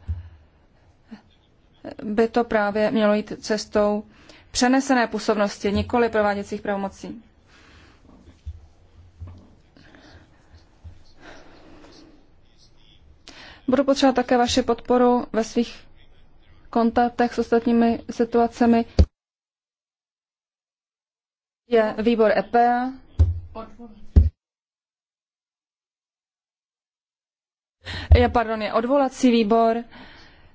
eh, by to právě mělo jít cestou přenesené působnosti, nikoli prováděcích pravomocí. Budu potřebovat také vaši podporu ve svých kontaktech s ostatními situacemi. Je výbor EPA, je, pardon, je odvolací výbor.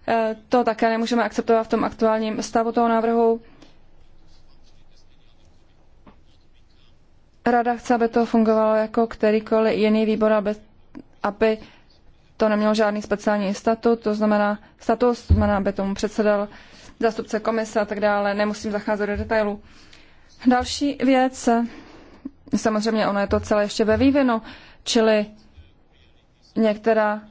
E, to také nemůžeme akceptovat v tom aktuálním stavu toho návrhu. Rada chce, aby to fungovalo jako kterýkoliv jiný výbor, aby, aby to nemělo žádný speciální statut, to znamená status, to znamená, aby tomu předsedal zástupce komise a tak dále. Nemusím zacházet do detailů. Další věc, Samozřejmě ono je to celé ještě ve vývinu, čili některá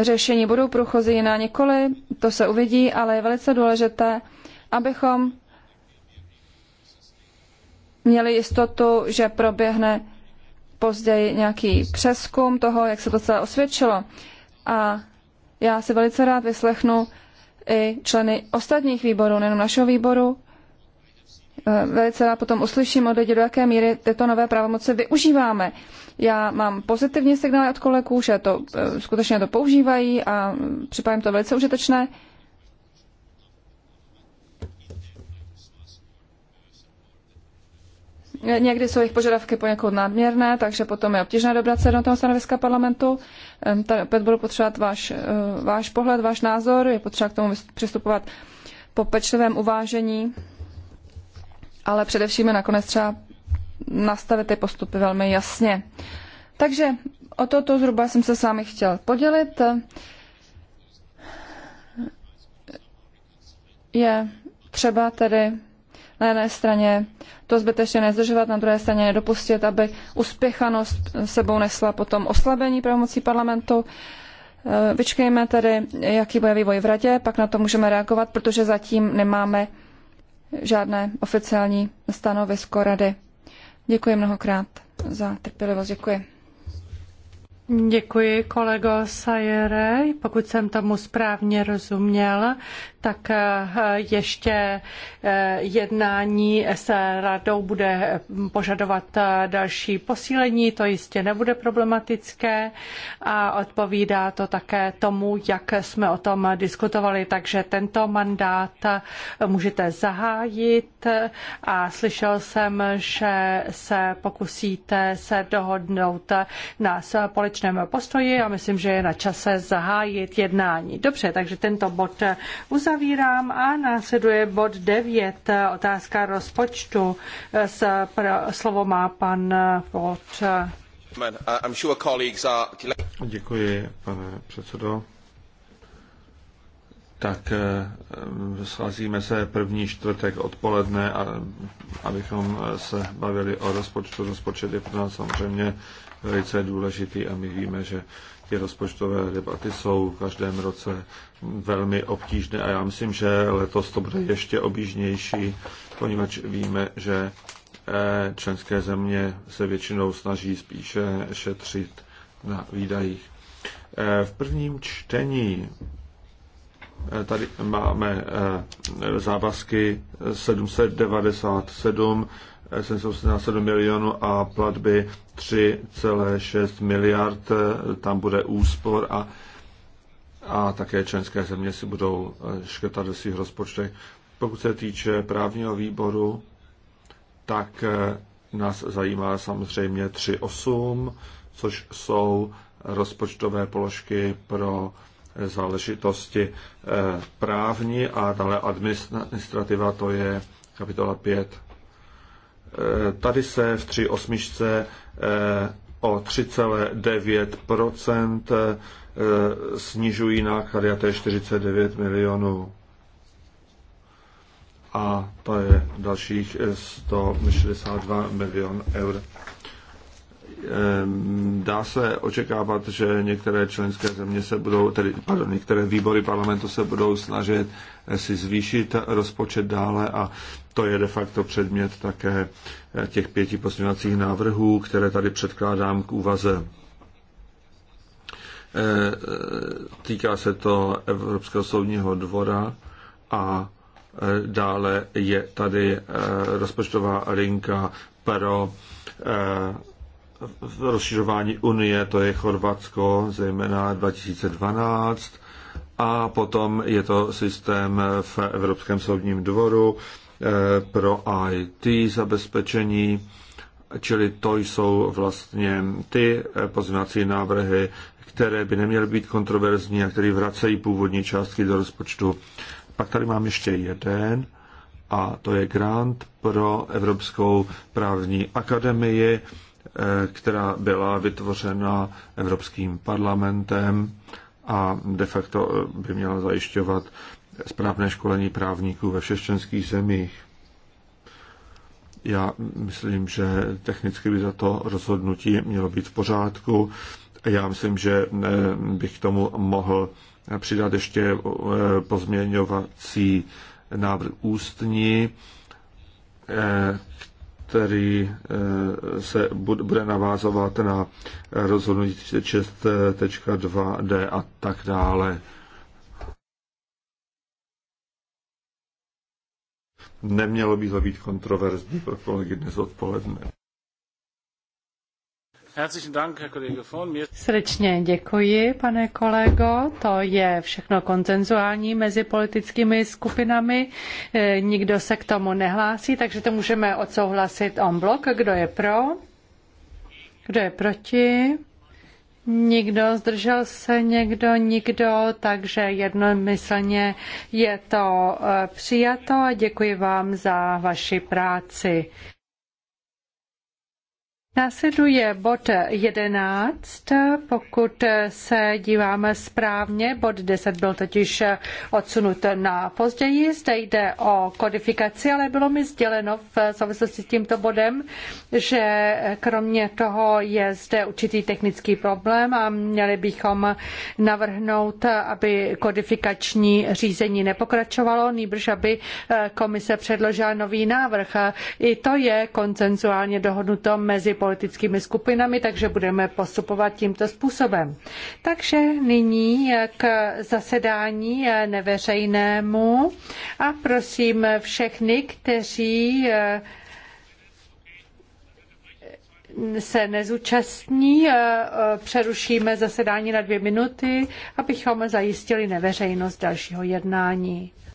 řešení budou průchozí, jiná nikoli, to se uvidí, ale je velice důležité, abychom měli jistotu, že proběhne později nějaký přeskum toho, jak se to celé osvědčilo. A já si velice rád vyslechnu i členy ostatních výborů, nejenom našeho výboru, velice rád potom uslyším od lidí, do jaké míry tyto nové pravomoci využíváme. Já mám pozitivní signály od kolegů, že to eh, skutečně to používají a připadá to velice užitečné. Někdy jsou jejich požadavky poněkud nadměrné, takže potom je obtížné dobrat se do toho stanoviska parlamentu. Ehm, tady opět budu potřebovat váš, eh, váš pohled, váš názor, je potřeba k tomu přistupovat po pečlivém uvážení ale především je nakonec třeba nastavit ty postupy velmi jasně. Takže o toto zhruba jsem se s vámi chtěl podělit. Je třeba tedy na jedné straně to zbytečně nezdržovat, na druhé straně nedopustit, aby uspěchanost sebou nesla potom oslabení pravomocí parlamentu. Vyčkejme tedy, jaký bude vývoj v radě, pak na to můžeme reagovat, protože zatím nemáme žádné oficiální stanovisko rady. Děkuji mnohokrát
za trpělivost. Děkuji. Děkuji, kolego Sajere. Pokud jsem tomu správně rozuměl, tak eh, ještě eh, jednání s radou bude požadovat eh, další posílení, to jistě nebude problematické a odpovídá to také tomu, jak jsme o tom diskutovali, takže tento mandát můžete zahájit a slyšel jsem, že se pokusíte se dohodnout na společném postoji a myslím, že je na čase zahájit jednání. Dobře, takže tento bod uzavřeme uzavírám a následuje bod 9, otázka rozpočtu. S, slovo má pan Vod.
Děkuji, pane předsedo. Tak eh, scházíme se první čtvrtek odpoledne, a, abychom se bavili o rozpočtu. Rozpočet je pro nás samozřejmě velice důležitý a my víme, že ty rozpočtové debaty jsou v každém roce velmi obtížné a já myslím, že letos to bude ještě obížnější, poněvadž víme, že eh, členské země se většinou snaží spíše šetřit na výdajích. Eh, v prvním čtení eh, tady máme závazky 797 787 milionů a platby 3,6 miliard, tam bude úspor a, a také členské země si budou eh, škrtat do svých rozpočtech. Pokud se týče právního výboru, tak eh, nás zajímá samozřejmě 3.8, což jsou rozpočtové položky pro eh, záležitosti právní a dále administrativa, to je kapitola 5. Eh, tady se v 3.8 eh, o 3,9 eh, snižují náklady a to je 49 milionů. A to je dalších 162 milion eur. Ehm, dá se očekávat, že některé členské země se budou, tedy, pardon, některé výbory parlamentu se budou snažit eh, si zvýšit rozpočet dále a to je de facto předmět také eh, těch pěti pozměňovacích návrhů, které tady předkládám k úvaze. Eh, týká se to Evropského soudního dvora a dále je tady rozpočtová linka pro v rozšiřování Unie, to je Chorvatsko, zejména 2012, a potom je to systém v Evropském soudním dvoru eh, pro IT zabezpečení, čili to jsou vlastně ty eh, pozměňovací návrhy, které by neměly být kontroverzní a které vracejí původní částky do rozpočtu. Pak tady mám ještě jeden, a to je grant pro Evropskou právní akademii Eh, která byla vytvořena Evropským parlamentem a de facto eh, by měla zajišťovat správné školení právníků ve všech členských zemích. Já myslím, že technicky by za to rozhodnutí mělo být v pořádku. Já myslím, že eh, bych k tomu mohl přidat ještě pozměňovací návrh ústní, který eh, se bude navázovat na rozhodnutí 362 d a tak dále. Nemělo by to být kontroverzní pro kolegy dnes odpoledne.
Srdečně děkuji, pane kolego. To je všechno koncenzuální mezi politickými skupinami. E, nikdo se k tomu nehlásí, takže to můžeme odsouhlasit on blok. Kdo je pro? Kdo je proti? Nikdo, zdržel se někdo, nikdo, takže jednomyslně je to e, přijato a děkuji vám za vaši práci. Následuje bod 11, pokud se díváme správně, bod 10 byl totiž odsunut na později, zde jde o kodifikaci, ale bylo mi sděleno v souvislosti s tímto bodem, že kromě toho je zde určitý technický problém a měli bychom navrhnout, aby kodifikační řízení nepokračovalo, nýbrž aby komise předložila nový návrh. I to je koncenzuálně dohodnuto mezi politickými skupinami, takže budeme postupovat tímto způsobem. Takže nyní k zasedání neveřejnému a prosím všechny, kteří eh, se nezúčastní, eh, eh, přerušíme zasedání na dvě minuty, abychom zajistili neveřejnost dalšího jednání.